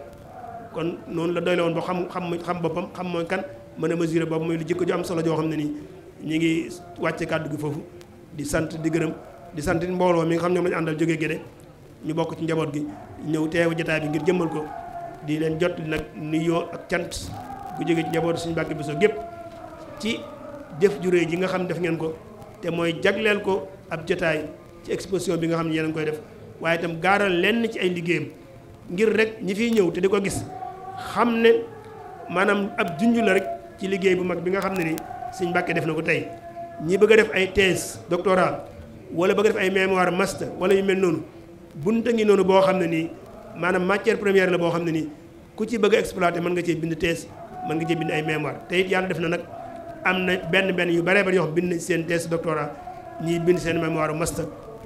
kon noonu la doy la woon ba xam xam xam boppam xam mooy kan mën a mesurer boobu mooy lu jikko ju am solo joo xam ne nii ñu ngi wàcce kàddu gi foofu di sant di gërëm di santi mbooloo mi nga xam ne lañu àndal jógee Gédé ñu bokk ci njaboot gi ñëw teewu jotaay bi ngir jëmmal ko di leen jot nag nuyoo ak cant gu jógee ci njaboot suñu Mbàkke Bousso gépp ci jëf ju ji nga xam def ngeen ko te mooy jagleel ko ab jotaay ci exposition bi nga xam ne yéen a koy def waaye itam gaaral lenn ci ay liggéeyam ngir rek ñi fiy ñëw te di ko gis xam ne maanaam ab junj la rek. ci liggéey bu mag bi nga xam ne ni suñ Mbàkke def na ko tey ñi bëgg a def ay thèse doctorat wala bëgg a def ay mémoire master wala yu mel noonu bunt a ngi noonu boo xam ne nii maanaam matière première la boo xam ne ni ku ci bëgg a mën nga cee bind thèse mën nga ci bind ay mémoire te it yàlla def na nag am na benn benn yu bare bari yoo xam bind nañ seen thèse doctorat ñiy bind seen mémoire master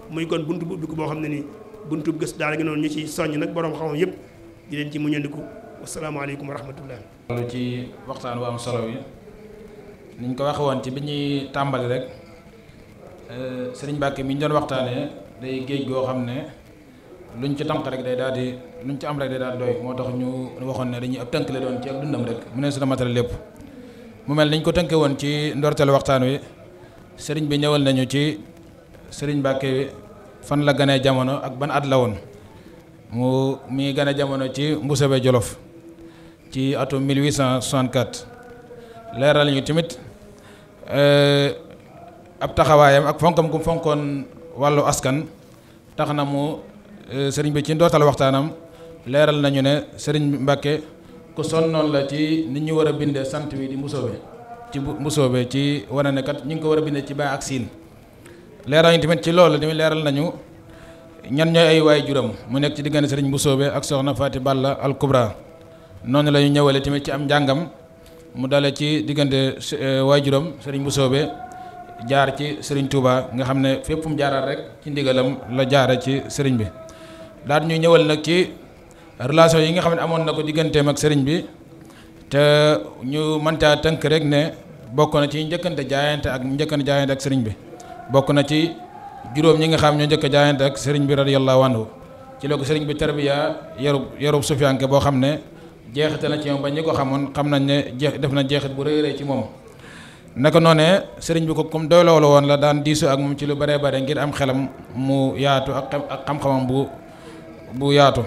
muy kon bunt bu ubbi ko boo xam ne nii buntu bu gës daal gi noonu ñu ci soññ nag borom xam yëpp di ci muñandiku wasalaamaaleykum wa rahmatullah loolu ci waxtaan bu am solo wi niñ ko waxe woon ci bi ñuy tàmbali rek euh, sëriñ Mbàkke mi ñu doon waxtaanee day géej goo xam ne luñ ci tànk rek day daal di luñ ci am rek day daal doy moo tax ñu waxoon ne dañuy ab tënk la doon ci ak dundam rek mu ne su na matal lépp mu mel niñ ko tënkee woon ci ndorteel waxtaan wi sëriñ bi ñëwal nañu ci sëriñ Mbàkke fan la ganee jamono ak ban at la woon mu mi ngi ganee jamono ci Mbusobe Jolof ci atum 1864 leeral ñu tamit eh, ab taxawaayam ak fonkam gu fonkoon wàllu askan tax na mu eh, sëriñ bi ci ndootal waxtaanam leeral nañu ne sëriñ Mbàkke ku sonnoon la ci nit ñu war a binde sant wi di mbusoobe ci mbusoobe ci wane ne ñu ngi ko war a binde ci baa ak siin leeral nañu tamit ci loolu tamit leeral nañu ñan ñooy ay waay juróom mu nekk ci diggante sëriñ mbusoobe ak soxna Faati Balla al Kubra noonu la ñëwale tamit ci am njàngam mu dale ci diggante eh, waajuram sëriñ bu soobee jaar ci sëriñ Touba nga xam ne fépp mu jaaraat rek ci ndigalam la jaara ci sëriñ bi daal ñuy ñëwal nag ci relation yi nga xam ne amoon na ko digganteem ak sëriñ bi te ñu mëntaa tënk rek ne bokk na ci njëkkante jaayante ak njëkkante jaayante ak sëriñ bi bokk na ci juróom ñi nga xam ñoo njëkk jaayante ak sëriñ bi radiyallahu anhu ci la ko sëriñ bi tarbiya yarub yarub sufiyanke boo xam ne jeexate na ci moom ba ñi ko xamoon xam nañ ne jeex def na jeexit bu rëy rëy ci moom naka ne sëriñ bi ko comme doyloo la woon la daan diisoo ak moom ci lu bare bare ngir am xelam mu yaatu ak ak xam-xamam bu bu yaatu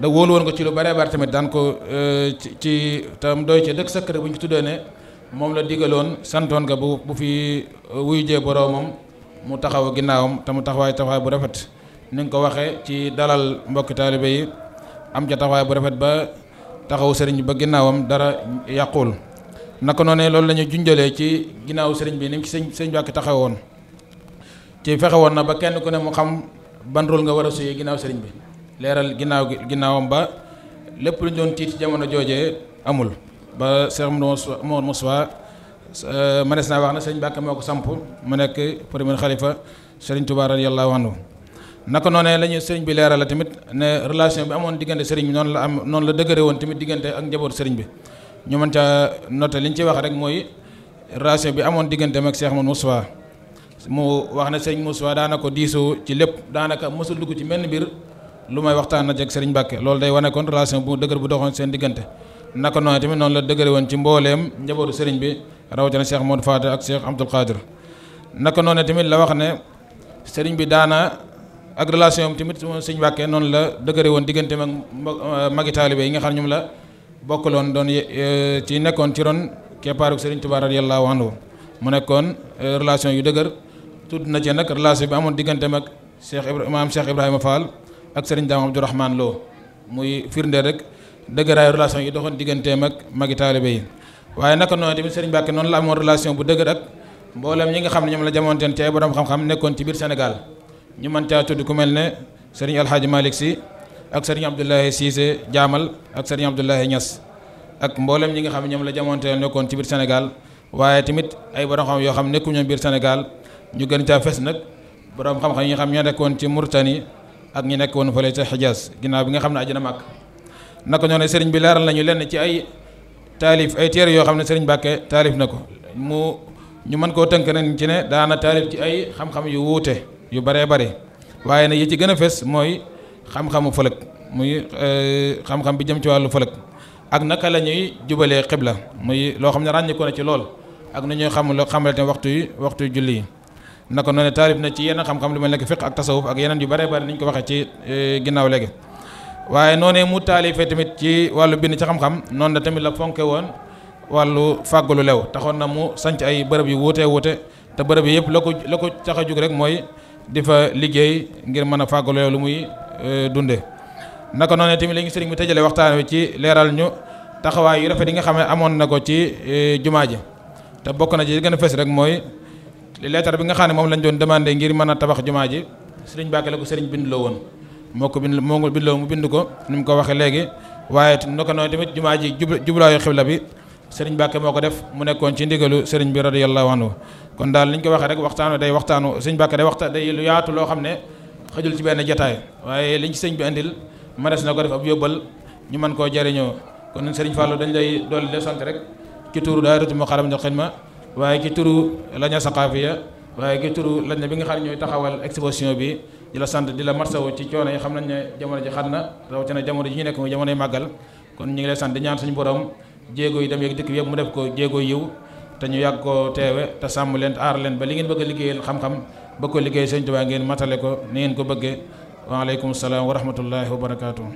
da wóolu woon ko ci lu bare bare tamit daan ko euh, ci tam doy ci dëkk sëkkëre bu ñu tuddee ne moom la digaloon santoon nga bu bu fi euh, wuyu jee boroomam mu taxaw ginnaawam te mu taxawaay taxawaay bu rafet nu nga ko waxee ci dalal mbokki taalibe yi am ba taxaw sëriñ bi ba ginnaawam dara yàquwul naka noonee loolu la junjalee ci ginnaaw sëriñ bi ni mu ci sëñ sëñ Mbàkke woon ci fexe woon na ba kenn ku ne mu xam ban nga war a suyee ginnaaw sëriñ bi leeral ginnaaw ginnaawam ba lépp lu ñu doon tiit ci jamono joojee amul ba Cheikh Mouhamadou Moussa euh, manees naa wax na sëriñ Mbàkke moo ko samp mu nekk premier xalifa sëriñ Tuubaa radiyallaahu anhu naka noonee la ñuy sëriñ bi leeral la tamit ne relation bi amoon diggante sëriñ bi noonu la am noonu la dëgëre woon tamit diggante ak njaboot sëriñ bi ñu ca noté li ci wax rek mooy relation bi amoon diggante ak Cheikh Mouhamadou Moustapha mu wax ne sëriñ Moustapha daana ko diisoo ci lépp daanaka mësul dugg ci menn mbir lu may waxtaan na ak sëriñ Mbàkke loolu day wane kon relation bu dëgër bu doxoon seen diggante naka noonee tamit noonu la dëgëre woon ci mbooleem njabootu sëriñ bi rawatina Cheikh Modou Fata ak Cheikh Abdoul Khadir naka noonee tamit la wax ne sëriñ bi daana ak relation am tamit sëñ Mbàkke noonu la dëgëre woon diggante mag euh, magi taalibe yi nga xam ñoom la bokkaloon doon euh, ci nekkoon ci ron keppaaru Sëriñ Tuubaa radiyallaahu anhu mu nekkoon euh, relation yu dëgër tudd na ci nag relation bi diggante mag Cheikh Ibra maam Cheikh Ibrahima Fall ak Sëriñ Daam Abdourahmane Lo muy firnde rek dëgëraayu relation yi doxoon digganteem ak magi taalibe yi waaye naka noonu tamit Sëriñ Mbàkke noonu la amoon relation bu dëgër ak mboolem nga xam ne ñoom la jamonteen ci ay borom xam-xam nekkoon ci biir Sénégal ñu mën caa tudd ku mel ne sëriñ Alxaaji Malick si ak sëriñ Abdoulaye Cissé Jaamal ak sëriñ Abdoulaye Niass ak mboolem ñi nga xam ne ñoom la jamonteel nekkoon ci biir Sénégal waaye tamit ay borom xam yoo xam nekku ñoom biir Sénégal ñu gën fes nag borom xam-xam yi xam ñoo nekkoon ci Murtani ak ñi nekkoon fële ca Xijaas ginnaaw bi nga xam ne ajana màkk naka ñoo ne sëriñ bi laaral nañu lenn ci ay taalif ay téere yoo xam ne sëriñ Mbàkke taalif na ko mu ñu mën koo tënk nañ ci ne daana taalif ci ay xam-xam yu wuute yu baree bare waaye nag yi ci gën a fes mooy xam-xamu fëlëg muy eh, xam-xam bi jëm ci wàllu fëlëg ak naka la ñuy jubalee xibla muy loo xam ne ràññiku na ci lool ak na ñuy xam loo xamale tamit waxtu yi waxtu yu julli yi naka noonu taarif na ci yeneen xam lu ma nekk fiq ak tasawuf ak yeneen yu baree bare ni ñu ko waxee ci eh, ginnaaw léegi waaye noonee mu taalifee tamit ci wàllu bind ci xam-xam noonu na tamit la fonke woon wàllu fàggalu lew taxoon na mu sanc ay bërëb yu wuute wuute te bërëb yi yëpp la ko la ko tax a rek mooy di fa liggéey ngir mën a fàggaloo lu muy euh, dunde naka noonu tamit léegi sëriñ bi tëjale waxtaan wi ci leeral ñu taxawaay yu rafet yi nga xam ne amoon na ko ci euh, jumaa ji te bokk na ci li gën a fës rek mooy leetar bi nga xam ne moom lañ doon demandé ngir mën a tabax jumaa ji sëriñ Mbàkke la ko sëriñ bind loo woon moo ko bind moo ko bind loo mu bind ko ni mu ko waxee léegi waaye naka noonu tamit jumaa ji jubluwaayu xibla bi sëriñ bàkke moo ko def mu nekkoon ci ndigalu sëriñ bi radiyallahu anhu kon daal li ñu ko waxee rek waxtaanu day waxtaanu sëriñ Mbàkke day waxtaan day lu yaatu loo xam ne xajul ci benn jataay waaye liñ ci sëñ bi indil mënees na ko def ab yóbbal ñu man koo jëriñoo kon sëriñ Fallou dañ lay dool de sant rek ci turu daayiratu Muqaddamatul ma waaye ci turu lañu saqaafiya waaye ci turu lañ ne bi nga xam ne ñooy taxawal exposition bi di la sant di la marsawu ci coono yi xam nañ ne jamono ji xat na rawatina jamono ji ñu nekk mooy jamonoy màggal kon ñu ngi lay sant di ñaan suñu borom jéego yi dem yeeg dëkk bi yëpp mu def ko jéego yiw te ñu yàgg ko teewe te sàmm leen te aar leen ba li ngeen bëgg a liggéeyal xam-xam bëgg ko liggéey Sëñ Tuubaa ngeen matale ko ni ngeen ko bëggee waaleykum salaam wa rahmatullahi wa barakaatu.